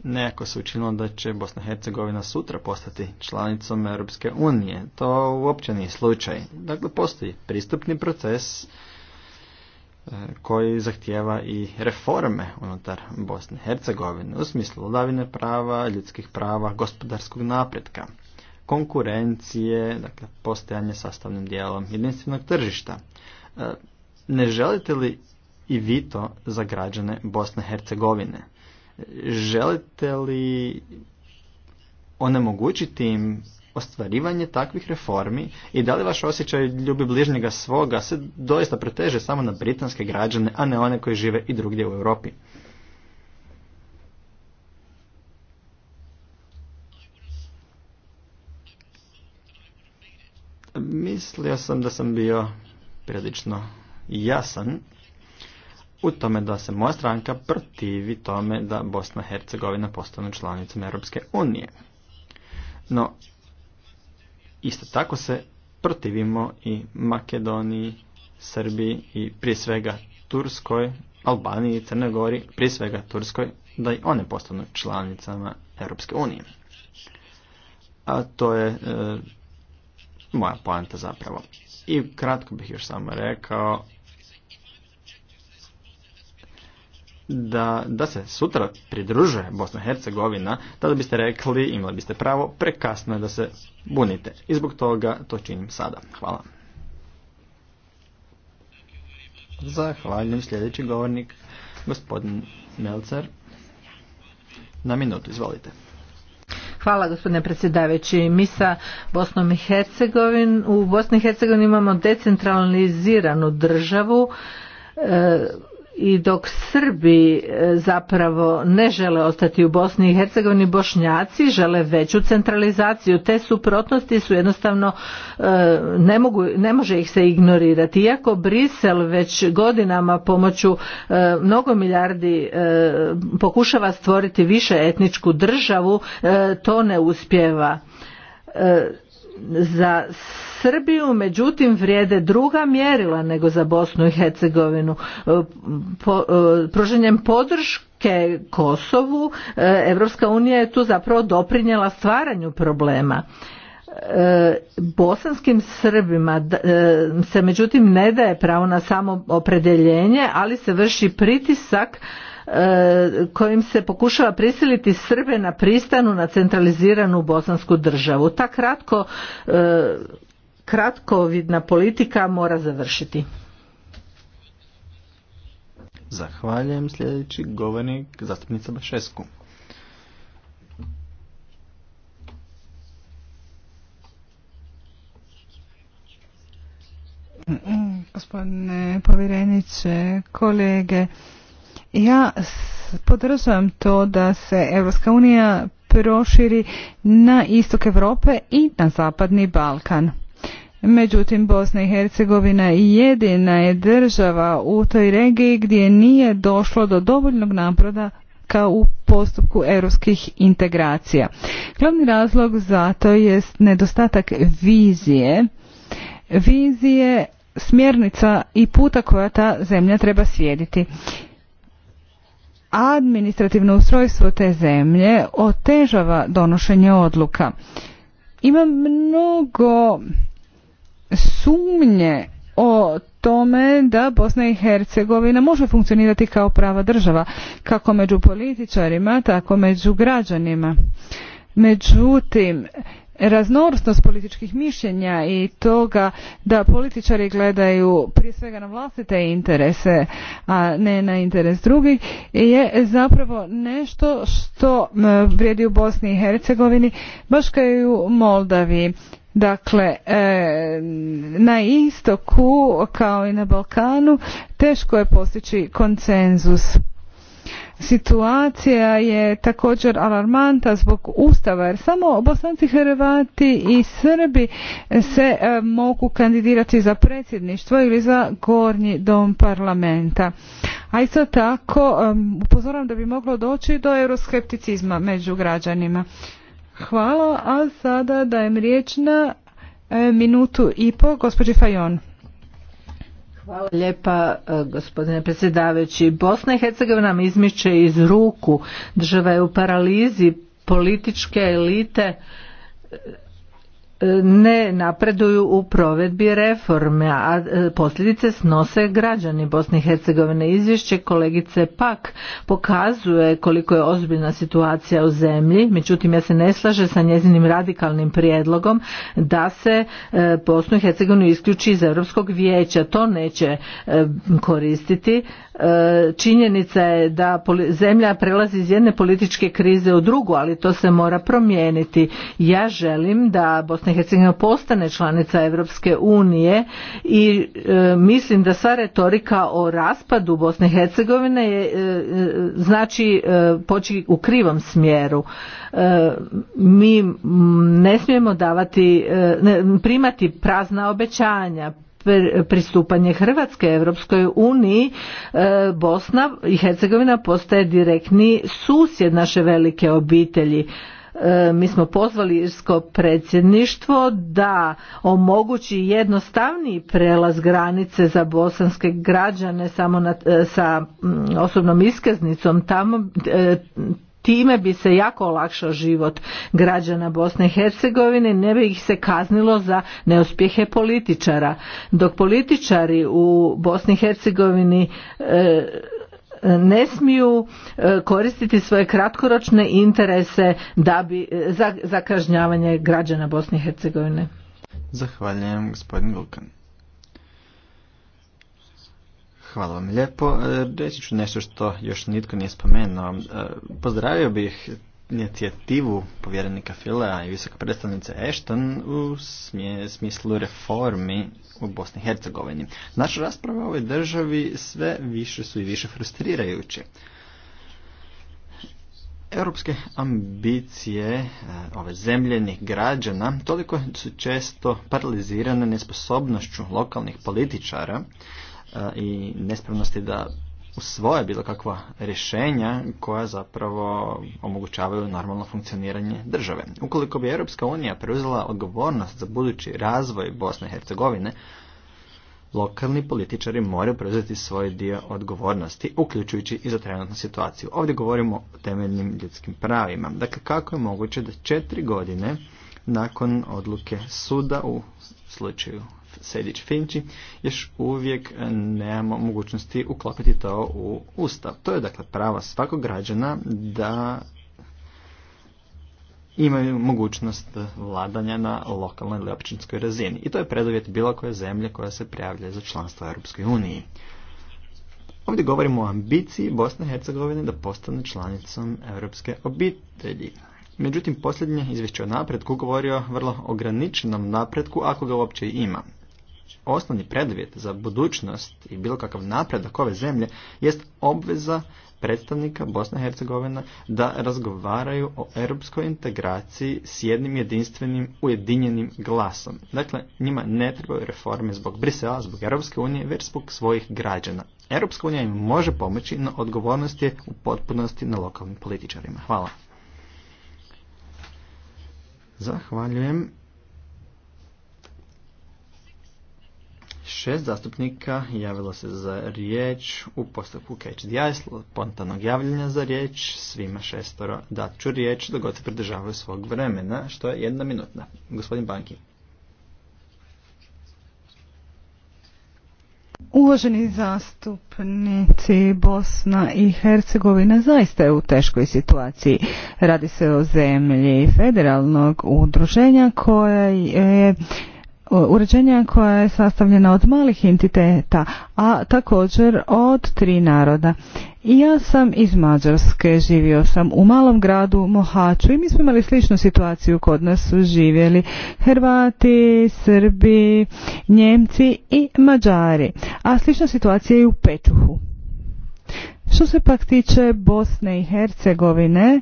nekako se učinilo da će Bosna i Hercegovina sutra postati članicom Europske unije. To uopće nije slučaj. Dakle, postoji pristupni proces koji zahtijeva i reforme unutar Bosne i Hercegovine u smislu vladavine prava, ljudskih prava, gospodarskog napretka, konkurencije, dakle postojanje sastavnim dijelom jedinstvenog tržišta. E, ne želite li i vi to za građane Bosne i Hercegovine? Želite li onemogućiti im ostvarivanje takvih reformi i da li vaš osjećaj ljubi bližnjega svoga se doista preteže samo na britanske građane, a ne one koji žive i drugdje u Europi? Mislio sam da sam bio prilično jasan u tome da se moja stranka protivi tome da Bosna i Hercegovina postane članicom Europske unije. No, Isto tako se protivimo i Makedoniji, Srbiji i prije svega Turskoj, Albaniji i Crnoj Gori, prije svega Turskoj, da i one postanu članicama Europske unije. A to je e, moja poanta zapravo. I kratko bih još samo rekao da, da se sutra pridruže Bosna i Hercegovina, tada biste rekli, imali biste pravo, prekasno je da se bunite. I zbog toga to činim sada. Hvala. Zahvaljujem sljedeći govornik, gospodin Melcer. Na minutu, izvolite. Hvala gospodine predsjedavajući. Mi sa Bosnom i Hercegovin, u Bosni i Hercegovini imamo decentraliziranu državu e, i dok Srbi e, zapravo ne žele ostati u Bosni i Hercegovini, Bošnjaci žele veću centralizaciju. Te suprotnosti su jednostavno, e, ne, mogu, ne može ih se ignorirati. Iako Brisel već godinama pomoću e, mnogo milijardi pokušava stvoriti više etničku državu, to ne uspjeva. Za Srbiju, međutim vrijede druga mjerila nego za Bosnu i Hercegovinu. E, po, e, pruženjem podrške Kosovu, e, Evropska unija je tu zapravo doprinjela stvaranju problema bosanskim Srbima se međutim ne daje pravo na samo opredeljenje, ali se vrši pritisak kojim se pokušava prisiliti Srbe na pristanu na centraliziranu bosansku državu. Ta kratko kratkovidna politika mora završiti. Zahvaljujem sljedeći govornik zastupnica Bašesku. Gospodine povjereniče, kolege, ja podržavam to da se Europska unija proširi na istok Europe i na zapadni Balkan. Međutim, Bosna i Hercegovina jedina je država u toj regiji gdje nije došlo do dovoljnog naproda kao u postupku europskih integracija. Glavni razlog za to je nedostatak vizije, vizije smjernica i puta koja ta zemlja treba slijediti. Administrativno ustrojstvo te zemlje otežava donošenje odluka. Ima mnogo sumnje o tome da Bosna i Hercegovina može funkcionirati kao prava država, kako među političarima, tako među građanima. Međutim, raznorostnost političkih mišljenja i toga da političari gledaju prije svega na vlastite interese, a ne na interes drugih, je zapravo nešto što vrijedi u Bosni i Hercegovini, baš kao i u Moldaviji. Dakle, e, na istoku kao i na Balkanu teško je postići konsenzus. Situacija je također alarmanta zbog Ustava jer samo Bosanci, Hrvati i Srbi se e, mogu kandidirati za predsjedništvo ili za gornji dom parlamenta. A isto tako e, upozoram da bi moglo doći do euroskepticizma među građanima. Hvala, a sada dajem riječ na e, minutu i po gospođi Fajon. Hvala lijepa e, gospodine predsjedavajući. Bosna i Hercegovina nam izmiče iz ruku. Država je u paralizi političke elite ne napreduju u provedbi reforme, a e, posljedice snose građani Bosne i Hercegovine. Izvješće kolegice Pak pokazuje koliko je ozbiljna situacija u zemlji, međutim ja se ne slažem sa njezinim radikalnim prijedlogom da se e, Bosnu i Hercegovinu isključi iz Europskog vijeća. To neće e, koristiti. Činjenica je da zemlja prelazi iz jedne političke krize u drugu, ali to se mora promijeniti. Ja želim da Bosna Bosna i Hercegovina postane članica Europske unije i e, mislim da sva retorika o raspadu Bosne i Hercegovine je, e, e, znači e, poći u krivom smjeru. Mi ne smijemo davati, ne, primati prazna obećanja, pristupanje Hrvatske Europskoj uniji Bosna i Hercegovina postaje direktni susjed naše velike obitelji E, mi smo pozvali irsko predsjedništvo da omogući jednostavniji prelaz granice za bosanske građane samo na, e, sa mm, osobnom iskaznicom tamo e, time bi se jako olakšao život građana Bosne i Hercegovine, ne bi ih se kaznilo za neuspjehe političara. Dok političari u Bosni i Hercegovini ne smiju e, koristiti svoje kratkoročne interese da bi, e, za, kažnjavanje građana Bosne i Hercegovine. Zahvaljujem gospodin Vulkan. Hvala vam lijepo. E, reći ću nešto što još nitko nije spomenuo. Pozdravio bih inicijativu povjerenika Filea i visoka predstavnice Ashton u smislu reformi u Bosni i Hercegovini. Naša rasprava o ovoj državi sve više su i više frustrirajuće. Europske ambicije e, ove zemljenih građana toliko su često paralizirane nesposobnošću lokalnih političara e, i nespravnosti da usvoje bilo kakva rješenja koja zapravo omogućavaju normalno funkcioniranje države. Ukoliko bi Europska unija preuzela odgovornost za budući razvoj Bosne i Hercegovine, lokalni političari moraju preuzeti svoj dio odgovornosti, uključujući i za trenutnu situaciju. Ovdje govorimo o temeljnim ljudskim pravima. Dakle, kako je moguće da četiri godine nakon odluke suda u slučaju Sedić Finči, još uvijek nemamo mogućnosti uklopiti to u Ustav. To je dakle pravo svakog građana da imaju mogućnost vladanja na lokalnoj ili općinskoj razini. I to je preduvjet bilo koje zemlje koja se prijavlja za članstvo Europskoj uniji. Ovdje govorimo o ambiciji Bosne i Hercegovine da postane članicom europske obitelji. Međutim, posljednje izvješće o napretku govori o vrlo ograničenom napretku, ako ga uopće ima osnovni preduvjet za budućnost i bilo kakav napredak ove zemlje jest obveza predstavnika Bosne i Hercegovine da razgovaraju o europskoj integraciji s jednim jedinstvenim ujedinjenim glasom. Dakle, njima ne trebaju reforme zbog Brisela, zbog Europske unije, već zbog svojih građana. Europska unija im može pomoći, no odgovornost je u potpunosti na lokalnim političarima. Hvala. Zahvaljujem. Šest zastupnika javilo se za riječ u postupku Catch the pontanog javljanja za riječ, svima šestoro dat ću riječ dok se pridržavaju svog vremena, što je jedna minutna. Gospodin Banki. Uvaženi zastupnici Bosna i Hercegovina zaista je u teškoj situaciji. Radi se o zemlji federalnog udruženja koja je uređenja koja je sastavljena od malih entiteta, a također od tri naroda. ja sam iz Mađarske, živio sam u malom gradu Mohaču i mi smo imali sličnu situaciju kod nas su živjeli Hrvati, Srbi, Njemci i Mađari, a slična situacija je i u Pečuhu. Što se pak tiče Bosne i Hercegovine,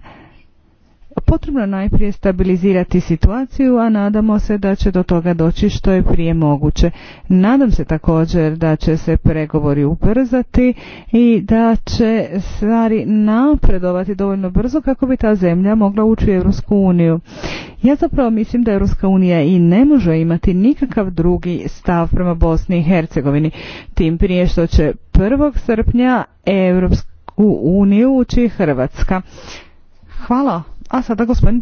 Potrebno je najprije stabilizirati situaciju, a nadamo se da će do toga doći što je prije moguće. Nadam se također da će se pregovori ubrzati i da će stvari napredovati dovoljno brzo kako bi ta zemlja mogla ući u Europsku uniju. Ja zapravo mislim da Europska unija i ne može imati nikakav drugi stav prema Bosni i Hercegovini, tim prije što će 1. srpnja Europsku uniju ući Hrvatska. Hvala. A sada gospodin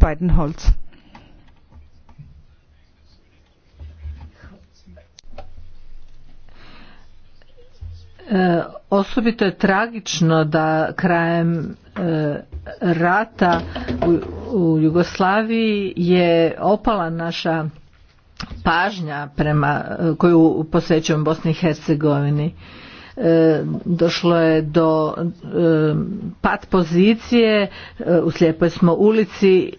e, osobito je tragično da krajem e, rata u, Jugoslaviji je opala naša pažnja prema e, koju posvećujemo Bosni i Hercegovini. E, došlo je do e, pat pozicije, e, u slijepoj smo ulici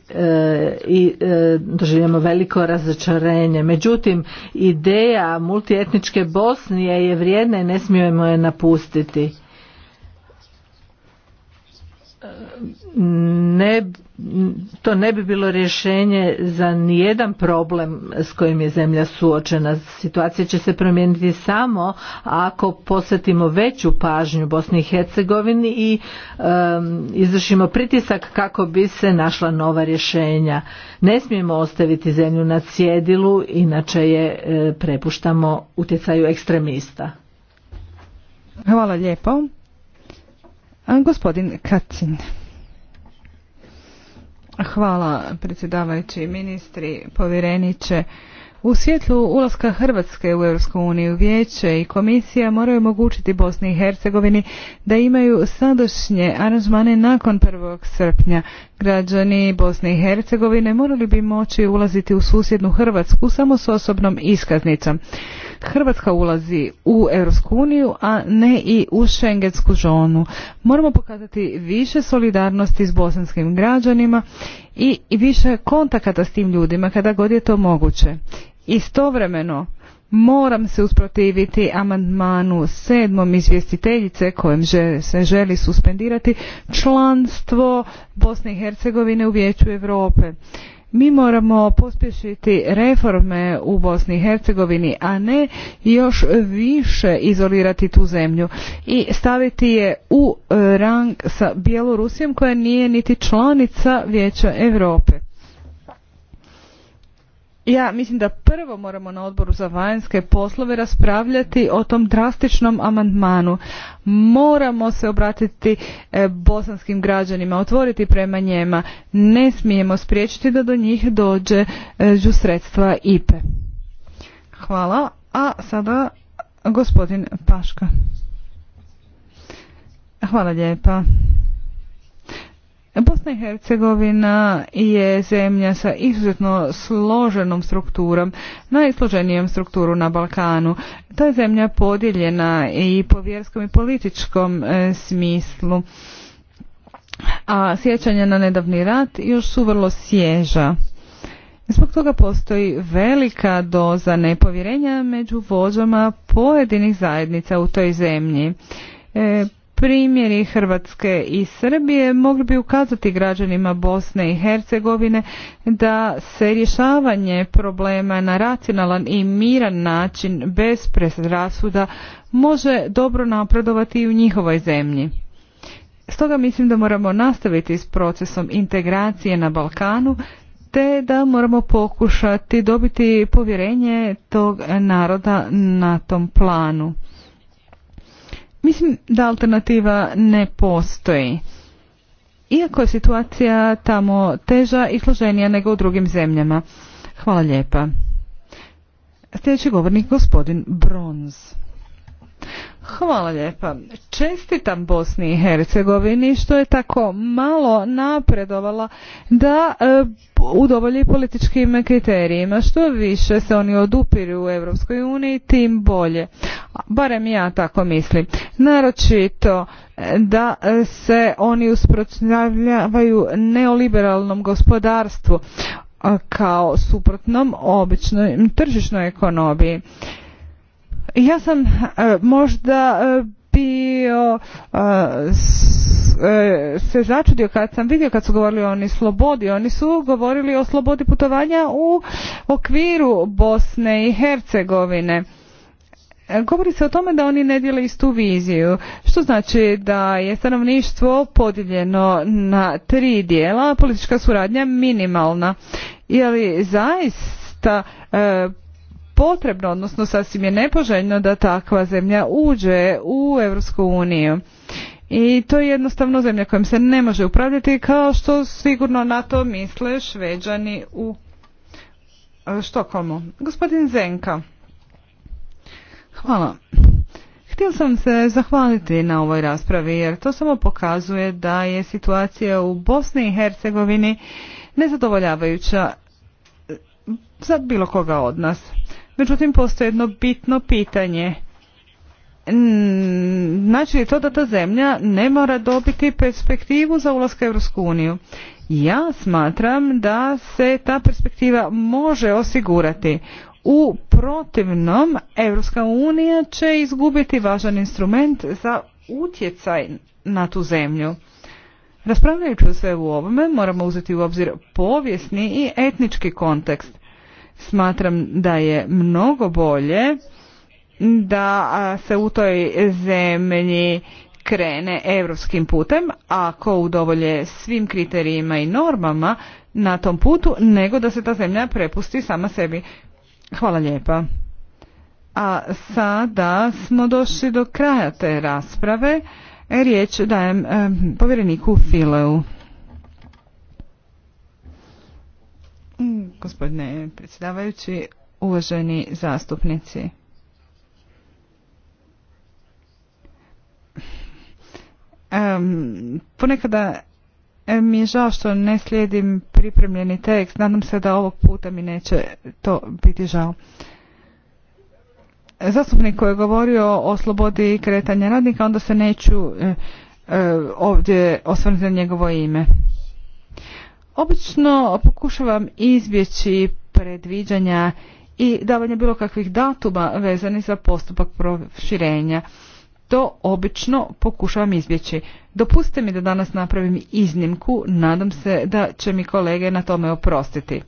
i doživljamo veliko razočarenje. Međutim, ideja multietničke Bosnije je vrijedna i ne smijemo je napustiti ne, to ne bi bilo rješenje za nijedan problem s kojim je zemlja suočena. Situacija će se promijeniti samo ako posvetimo veću pažnju Bosni i Hercegovini i izvršimo pritisak kako bi se našla nova rješenja. Ne smijemo ostaviti zemlju na cjedilu, inače je e, prepuštamo utjecaju ekstremista. Hvala lijepo. Gospodin Kacin. Hvala predsjedavajući ministri, povjereniče. U svjetlu ulaska Hrvatske u Europsku uniju vijeće i komisija moraju omogućiti Bosni i Hercegovini da imaju sadašnje aranžmane nakon 1. srpnja. Građani Bosne i Hercegovine morali bi moći ulaziti u susjednu Hrvatsku samo s osobnom iskaznicom. Hrvatska ulazi u Europsku uniju, a ne i u šengensku žonu. Moramo pokazati više solidarnosti s bosanskim građanima i više kontakata s tim ljudima kada god je to moguće. Istovremeno moram se usprotiviti amandmanu sedmom izvjestiteljice kojem se želi suspendirati članstvo Bosne i Hercegovine u Vijeću Europe. Mi moramo pospješiti reforme u Bosni i Hercegovini, a ne još više izolirati tu zemlju i staviti je u eh, rang sa Bjelorusijom koja nije niti članica Vijeća Europe ja mislim da prvo moramo na odboru za vanjske poslove raspravljati o tom drastičnom amandmanu. Moramo se obratiti e, bosanskim građanima, otvoriti prema njema. Ne smijemo spriječiti da do njih dođe e, sredstva IPE. Hvala. A sada gospodin Paška. Hvala lijepa. Bosna i Hercegovina je zemlja sa izuzetno složenom strukturom, najsloženijom strukturu na Balkanu. Ta je zemlja podijeljena i po vjerskom i političkom e, smislu, a sjećanja na nedavni rat još su vrlo sježa. Zbog toga postoji velika doza nepovjerenja među vođama pojedinih zajednica u toj zemlji. E, Primjeri Hrvatske i Srbije mogli bi ukazati građanima Bosne i Hercegovine da se rješavanje problema na racionalan i miran način bez presrasuda može dobro napredovati i u njihovoj zemlji. Stoga mislim da moramo nastaviti s procesom integracije na Balkanu te da moramo pokušati dobiti povjerenje tog naroda na tom planu. Mislim da alternativa ne postoji. Iako je situacija tamo teža i složenija nego u drugim zemljama. Hvala lijepa. Sljedeći govornik gospodin Bronz. Hvala lijepa. Čestitam Bosni i Hercegovini što je tako malo napredovala da e, udovolji političkim kriterijima. Što više se oni odupiru u Europskoj uniji, tim bolje. Barem ja tako mislim. Naročito e, da e, se oni usprotnjavaju neoliberalnom gospodarstvu kao suprotnom običnoj tržišnoj ekonomiji ja sam e, možda e, bio e, se začudio kad sam vidio kad su govorili o oni slobodi. Oni su govorili o slobodi putovanja u okviru Bosne i Hercegovine. Govori se o tome da oni ne dijele istu viziju, što znači da je stanovništvo podijeljeno na tri dijela, politička suradnja minimalna. Je li zaista potrebno, odnosno sasvim je nepoželjno da takva zemlja uđe u Europsku uniju. I to je jednostavno zemlja kojom se ne može upravljati kao što sigurno na to misle šveđani u e, Štokomu. Gospodin Zenka. Hvala. Htio sam se zahvaliti na ovoj raspravi jer to samo pokazuje da je situacija u Bosni i Hercegovini nezadovoljavajuća za bilo koga od nas. Međutim, postoji jedno bitno pitanje. Znači li to da ta zemlja ne mora dobiti perspektivu za ulazak u Europsku uniju? Ja smatram da se ta perspektiva može osigurati. U protivnom, Europska unija će izgubiti važan instrument za utjecaj na tu zemlju. Raspravljajući sve u ovome, moramo uzeti u obzir povijesni i etnički kontekst. Smatram da je mnogo bolje da se u toj zemlji krene europskim putem ako udovolje svim kriterijima i normama na tom putu nego da se ta zemlja prepusti sama sebi. Hvala lijepa. A sada smo došli do kraja te rasprave. Riječ dajem povjereniku Fileu. Mm, gospodine predsjedavajući, uvaženi zastupnici. ponekada mi je žao što ne slijedim pripremljeni tekst. Nadam se da ovog puta mi neće to biti žao. Zastupnik koji je govorio o slobodi kretanja radnika, onda se neću e, e, ovdje osvrnuti na njegovo ime. Obično pokušavam izbjeći predviđanja i davanje bilo kakvih datuma vezani za postupak proširenja. To obično pokušavam izbjeći. Dopustite mi da danas napravim iznimku, nadam se da će mi kolege na tome oprostiti.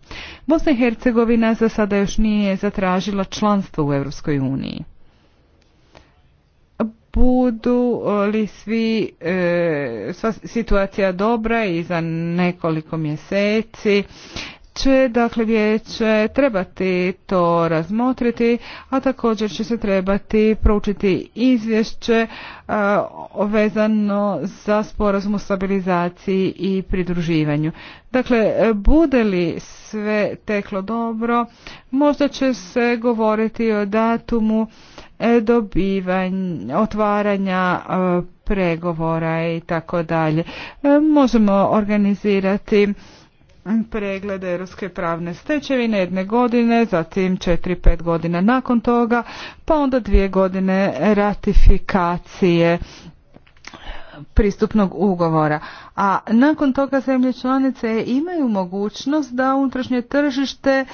Bosna i Hercegovina za sada još nije zatražila članstvo u Europskoj uniji budu li svi, e, situacija dobra i za nekoliko mjeseci će dakle vijeće trebati to razmotriti, a također će se trebati proučiti izvješće e, vezano za sporazum o stabilizaciji i pridruživanju. Dakle, bude li sve teklo dobro, možda će se govoriti o datumu E, dobivanja, otvaranja e, pregovora i tako dalje. E, možemo organizirati preglede europske pravne stečevine jedne godine, zatim 4-5 godina nakon toga, pa onda dvije godine ratifikacije pristupnog ugovora. A nakon toga zemlje članice imaju mogućnost da unutrašnje tržište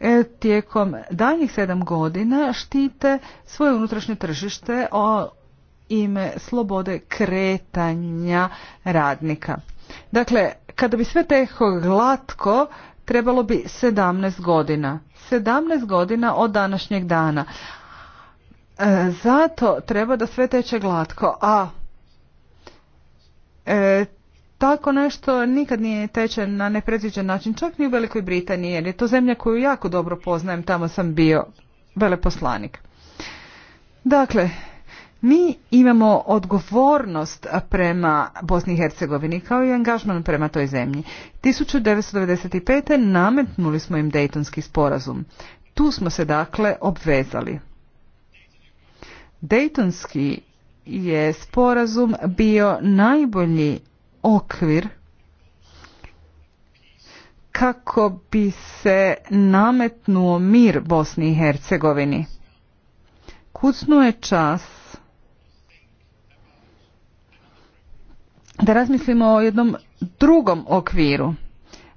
e, tijekom daljnjih sedam godina štite svoje unutrašnje tržište o ime slobode kretanja radnika. Dakle, kada bi sve teho glatko, trebalo bi sedamnaest godina. Sedamnaest godina od današnjeg dana. E, zato treba da sve teče glatko, a E, tako nešto nikad nije tečen na nepredviđen način, čak ni u Velikoj Britaniji, jer je to zemlja koju jako dobro poznajem, tamo sam bio veleposlanik. Dakle, mi imamo odgovornost prema Bosni i Hercegovini kao i angažman prema toj zemlji. 1995. nametnuli smo im Dejtonski sporazum. Tu smo se dakle obvezali. Dejtonski je sporazum bio najbolji okvir kako bi se nametnuo mir Bosni i Hercegovini. Kucnu je čas da razmislimo o jednom drugom okviru,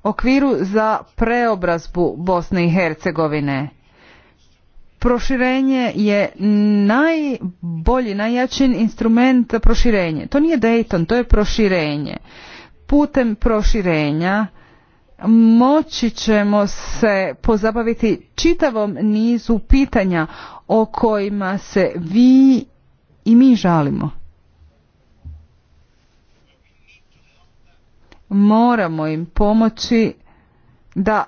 okviru za preobrazbu Bosne i Hercegovine – proširenje je najbolji, najjačin instrument proširenje. To nije Dayton, to je proširenje. Putem proširenja moći ćemo se pozabaviti čitavom nizu pitanja o kojima se vi i mi žalimo. Moramo im pomoći da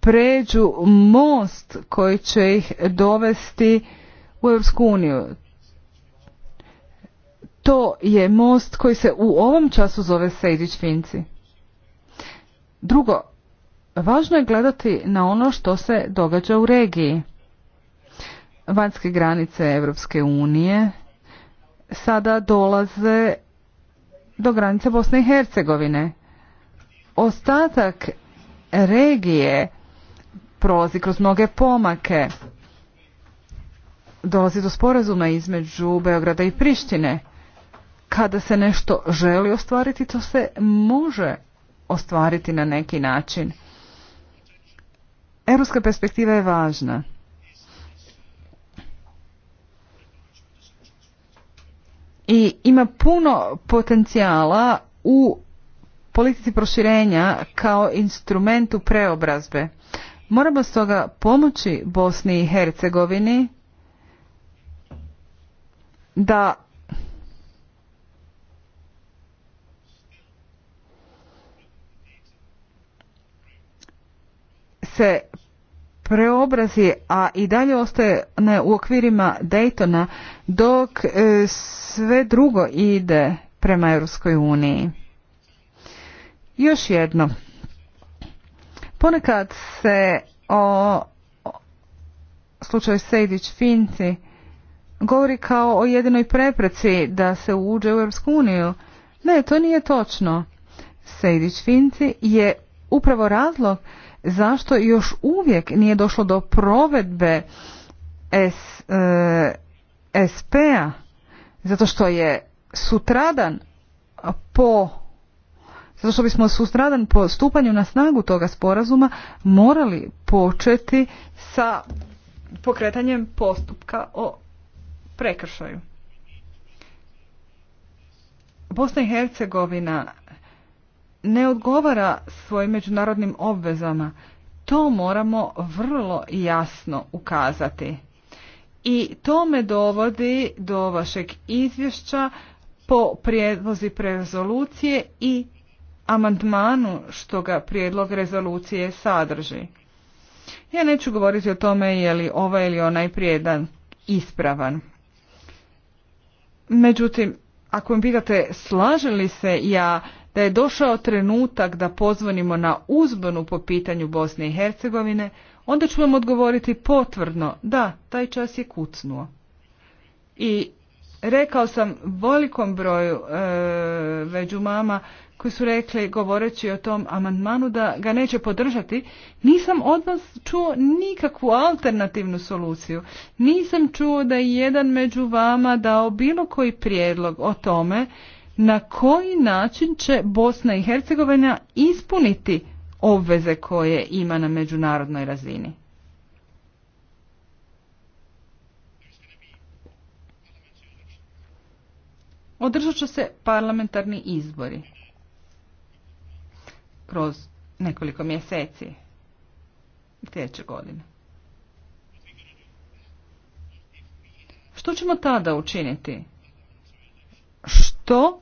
pređu most koji će ih dovesti u Europsku uniju. To je most koji se u ovom času zove Sejdić Finci. Drugo, važno je gledati na ono što se događa u regiji. Vanjske granice Europske unije sada dolaze do granice Bosne i Hercegovine. Ostatak regije prolazi kroz mnoge pomake. Dolazi do sporazuma između Beograda i Prištine. Kada se nešto želi ostvariti, to se može ostvariti na neki način. Europska perspektiva je važna. I ima puno potencijala u politici proširenja kao instrumentu preobrazbe. Moramo stoga pomoći Bosni i Hercegovini da se preobrazi, a i dalje ostaje u okvirima Daytona dok e, sve drugo ide prema Europskoj uniji. Još jedno, Ponekad se o slučaju Sejdić Finci govori kao o jedinoj prepreci da se uđe u Europsku uniju. Ne, to nije točno. Sejdić Finci je upravo razlog zašto još uvijek nije došlo do provedbe S, e, SP-a, zato što je sutradan po zato što bismo sustradan po stupanju na snagu toga sporazuma morali početi sa pokretanjem postupka o prekršaju. Bosna i Hercegovina ne odgovara svojim međunarodnim obvezama. To moramo vrlo jasno ukazati. I to me dovodi do vašeg izvješća po prijedlozi prezolucije i amandmanu što ga prijedlog rezolucije sadrži. Ja neću govoriti o tome je li ovaj ili onaj prijedan ispravan. Međutim, ako mi pitate slaže li se ja da je došao trenutak da pozvonimo na uzbunu po pitanju Bosne i Hercegovine, onda ću vam odgovoriti potvrdno, da, taj čas je kucnuo. I Rekao sam velikom broju e, među mama koji su rekli govoreći o tom amandmanu da ga neće podržati, nisam od vas čuo nikakvu alternativnu soluciju. Nisam čuo da je jedan među vama dao bilo koji prijedlog o tome na koji način će Bosna i Hercegovina ispuniti obveze koje ima na međunarodnoj razini. Održat će se parlamentarni izbori kroz nekoliko mjeseci sljedeće godine. Što ćemo tada učiniti? Što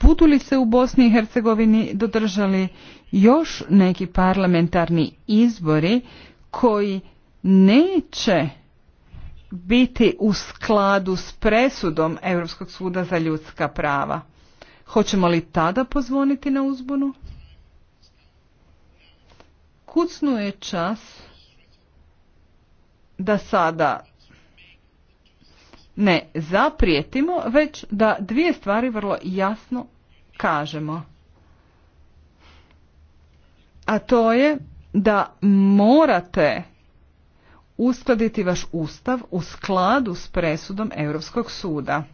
budu li se u Bosni i Hercegovini dodržali još neki parlamentarni izbori koji neće biti u skladu s presudom Europskog suda za ljudska prava. Hoćemo li tada pozvoniti na uzbunu? Kucnu je čas da sada ne zaprijetimo, već da dvije stvari vrlo jasno kažemo. A to je da morate uskladiti vaš ustav u skladu s presudom Europskog suda.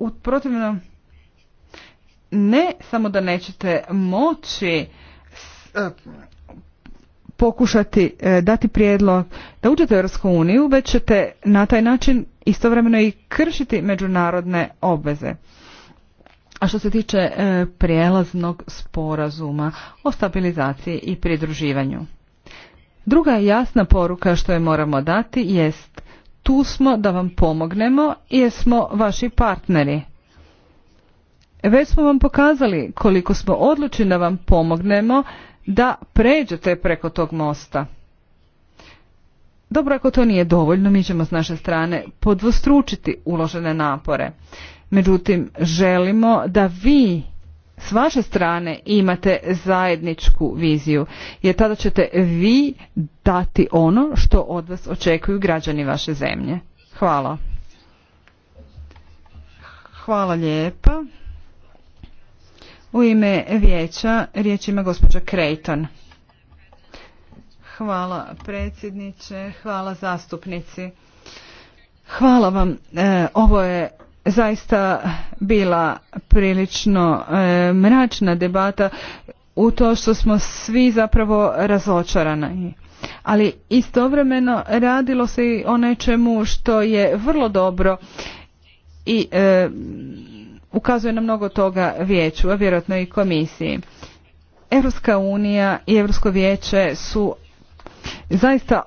U, protivnom ne samo da nećete moći e, pokušati e, dati prijedlog da uđete u Europsku uniju, već ćete na taj način istovremeno i kršiti međunarodne obveze. A što se tiče e, prijelaznog sporazuma o stabilizaciji i pridruživanju. Druga jasna poruka što je moramo dati jest tu smo da vam pomognemo jer smo vaši partneri. Već smo vam pokazali koliko smo odlučni da vam pomognemo da pređete preko tog mosta. Dobro, ako to nije dovoljno, mi ćemo s naše strane podvostručiti uložene napore. Međutim, želimo da vi s vaše strane imate zajedničku viziju, jer tada ćete vi dati ono što od vas očekuju građani vaše zemlje. Hvala. Hvala lijepa. U ime vijeća riječ ima gospođa Krejton. Hvala predsjedniče, hvala zastupnici. Hvala vam. E, ovo je zaista bila prilično e, mračna debata u to što smo svi zapravo razočarani. Ali istovremeno radilo se i o nečemu što je vrlo dobro i e, ukazuje na mnogo toga vijeću, a vjerojatno i komisiji. Europska unija i Europsko vijeće su zaista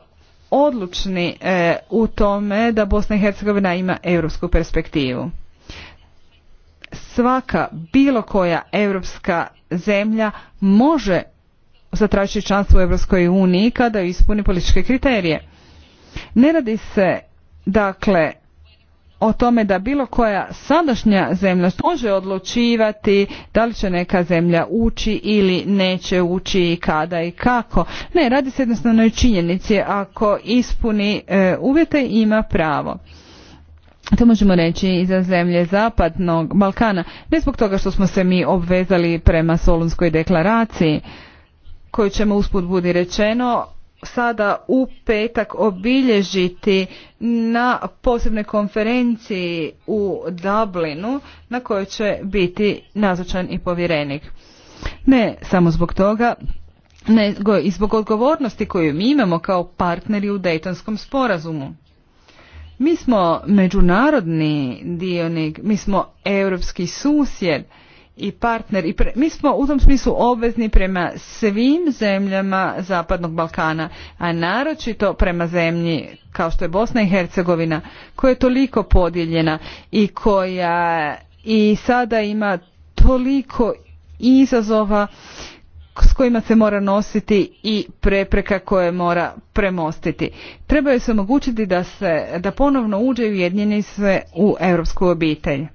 odlučni e, u tome da Bosna i Hercegovina ima europsku perspektivu. Svaka bilo koja europska zemlja može zatražiti članstvo u Europskoj uniji kada ispuni političke kriterije. Ne radi se dakle o tome da bilo koja sadašnja zemlja može odlučivati da li će neka zemlja ući ili neće ući i kada i kako. Ne, radi se jednostavno o činjenici. Ako ispuni e, uvjete ima pravo. To možemo reći i za zemlje zapadnog Balkana. Ne zbog toga što smo se mi obvezali prema Solunskoj deklaraciji koju ćemo usput budi rečeno sada u petak obilježiti na posebnoj konferenciji u Dublinu na kojoj će biti nazočan i povjerenik. Ne samo zbog toga, nego i zbog odgovornosti koju mi imamo kao partneri u Dejtonskom sporazumu. Mi smo međunarodni dionik, mi smo europski susjed, i partner i mi smo u tom smislu obvezni prema svim zemljama zapadnog balkana a naročito prema zemlji kao što je bosna i hercegovina koja je toliko podijeljena i koja i sada ima toliko izazova s kojima se mora nositi i prepreka koje mora premostiti. Treba je se omogućiti da, se, da ponovno uđe ujedinjeni sve u europsku obitelj.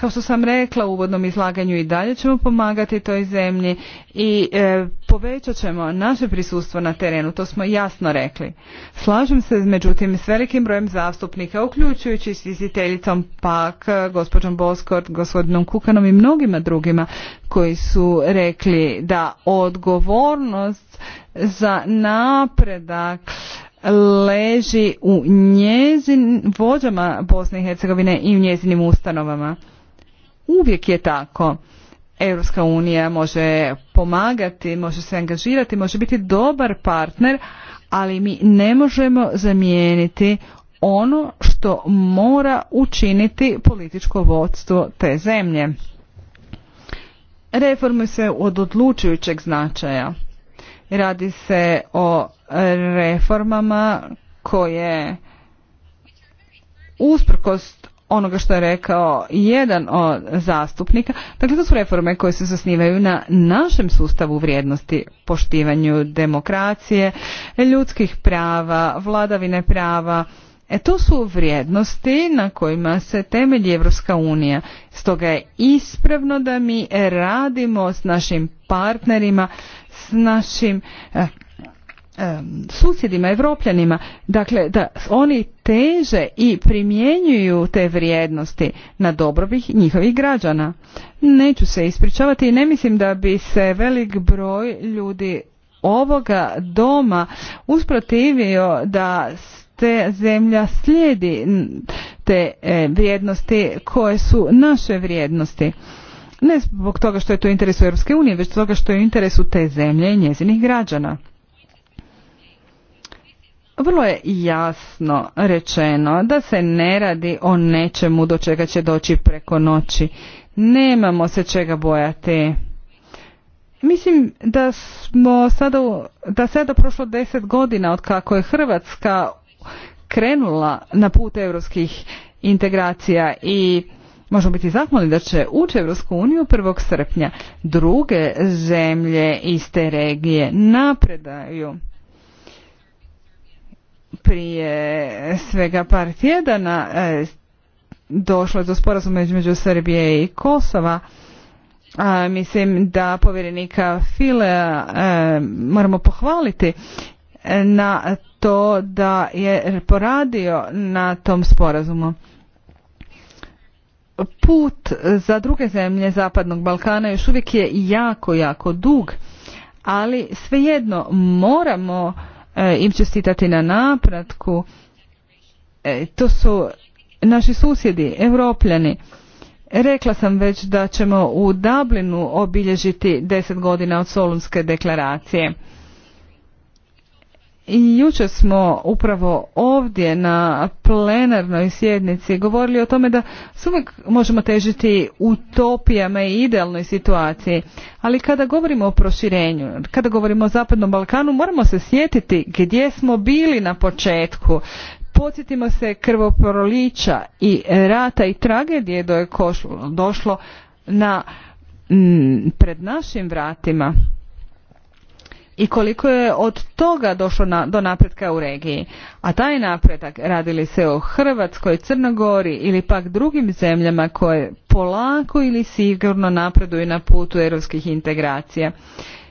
Kao što sam rekla u uvodnom izlaganju i dalje ćemo pomagati toj zemlji i e, povećat ćemo naše prisustvo na terenu, to smo jasno rekli. Slažem se međutim s velikim brojem zastupnika, uključujući s viziteljicom Pak, e, gospođom Boskort, gospodinom Kukanom i mnogima drugima koji su rekli da odgovornost za napredak leži u njezin vođama Bosne i Hercegovine i u njezinim ustanovama. Uvijek je tako. Europska unija može pomagati, može se angažirati, može biti dobar partner, ali mi ne možemo zamijeniti ono što mora učiniti političko vodstvo te zemlje. Reforme se od odlučujućeg značaja. Radi se o reformama koje usprkos onoga što je rekao jedan od zastupnika. Dakle, to su reforme koje se zasnivaju na našem sustavu vrijednosti, poštivanju demokracije, ljudskih prava, vladavine prava. E to su vrijednosti na kojima se temelji Evropska unija. Stoga je ispravno da mi radimo s našim partnerima, s našim eh, susjedima, evropljanima, dakle da oni teže i primjenjuju te vrijednosti na dobrobih njihovih građana. Neću se ispričavati i ne mislim da bi se velik broj ljudi ovoga doma usprotivio da te zemlja slijedi te vrijednosti koje su naše vrijednosti. Ne zbog toga što je to interes Europske unije, već zbog toga što je interes u te zemlje i njezinih građana. Vrlo je jasno rečeno da se ne radi o nečemu do čega će doći preko noći. Nemamo se čega bojati. Mislim da smo sada, da sada prošlo deset godina od kako je Hrvatska krenula na put europskih integracija i možemo biti zahvalni da će ući Europsku uniju 1. srpnja. Druge zemlje iz te regije napredaju prije svega par tjedana e, došlo do sporazuma između Srbije i Kosova. mislim da povjerenika File e, moramo pohvaliti e, na to da je poradio na tom sporazumu. Put za druge zemlje Zapadnog Balkana još uvijek je jako, jako dug, ali svejedno moramo E, im čestitati na napratku. E, to su naši susjedi, evropljani. Rekla sam već da ćemo u Dublinu obilježiti deset godina od Solunske deklaracije. I jučer smo upravo ovdje na plenarnoj sjednici govorili o tome da se uvijek možemo težiti utopijama i idealnoj situaciji. Ali kada govorimo o proširenju, kada govorimo o Zapadnom Balkanu, moramo se sjetiti gdje smo bili na početku. Podsjetimo se krvoprolića i rata i tragedije do je došlo na, pred našim vratima i koliko je od toga došlo do napretka u regiji. A taj napredak li se o Hrvatskoj, Crnogori ili pak drugim zemljama koje polako ili sigurno napreduju na putu europskih integracija.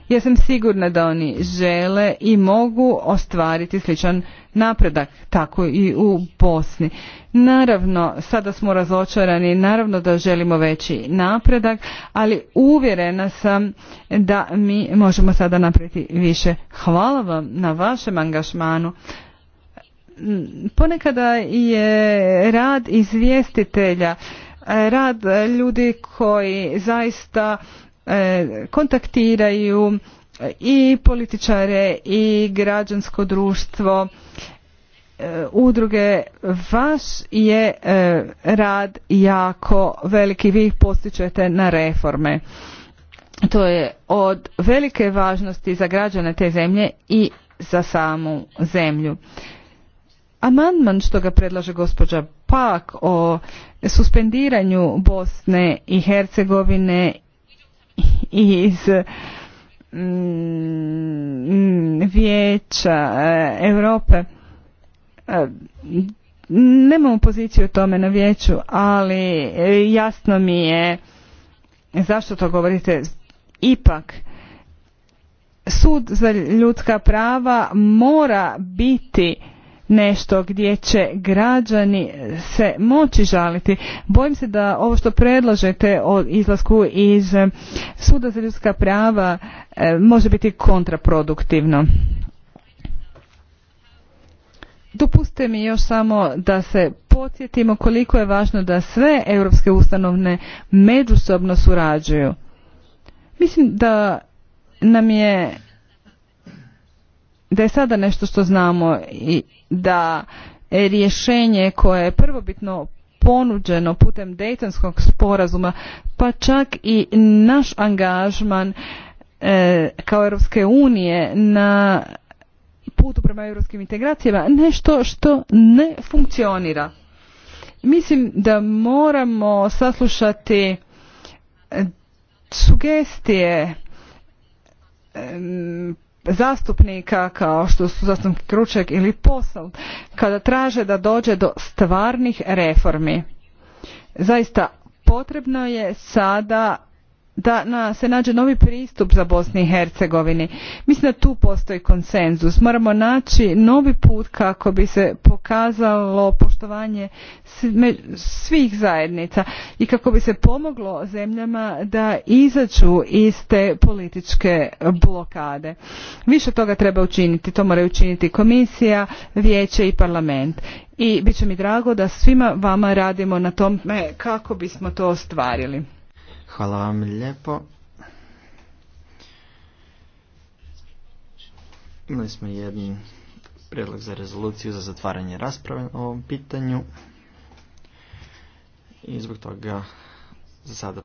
Ja sam sigurna da oni žele i mogu ostvariti sličan napredak, tako i u Bosni. Naravno, sada smo razočarani, naravno da želimo veći napredak, ali uvjerena sam da mi možemo sada napraviti više. Hvala vam na vašem angažmanu. Ponekada je rad izvjestitelja, rad ljudi koji zaista e, kontaktiraju i političare i građansko društvo E, udruge, vaš je e, rad jako veliki, vi ih postičete na reforme. To je od velike važnosti za građane te zemlje i za samu zemlju. Amandman što ga predlaže gospođa Pak o suspendiranju Bosne i Hercegovine iz mm, mm, vijeća e, Europe E, nemamo poziciju o tome na vijeću, ali e, jasno mi je zašto to govorite. Ipak, sud za ljudska prava mora biti nešto gdje će građani se moći žaliti. Bojim se da ovo što predlažete o izlasku iz suda za ljudska prava e, može biti kontraproduktivno. Dopustite mi još samo da se podsjetimo koliko je važno da sve europske ustanovne međusobno surađuju. Mislim da nam je da je sada nešto što znamo i da rješenje koje je prvobitno ponuđeno putem Dejtonskog sporazuma, pa čak i naš angažman e, kao Europske unije na putu prema europskim integracijama nešto što ne funkcionira. Mislim da moramo saslušati eh, sugestije zastupnika kao što su zastupnik Kručak ili posao kada traže da dođe do stvarnih reformi. Zaista potrebno je sada da se nađe novi pristup za Bosni i Hercegovini. Mislim da tu postoji konsenzus. Moramo naći novi put kako bi se pokazalo poštovanje svih zajednica i kako bi se pomoglo zemljama da izađu iz te političke blokade. Više toga treba učiniti. To moraju učiniti komisija, vijeće i parlament. I bit će mi drago da svima vama radimo na tome kako bismo to ostvarili. Hvala vam lijepo. Imali smo jedan prijedlog za rezoluciju za zatvaranje rasprave o ovom pitanju i zbog toga za sada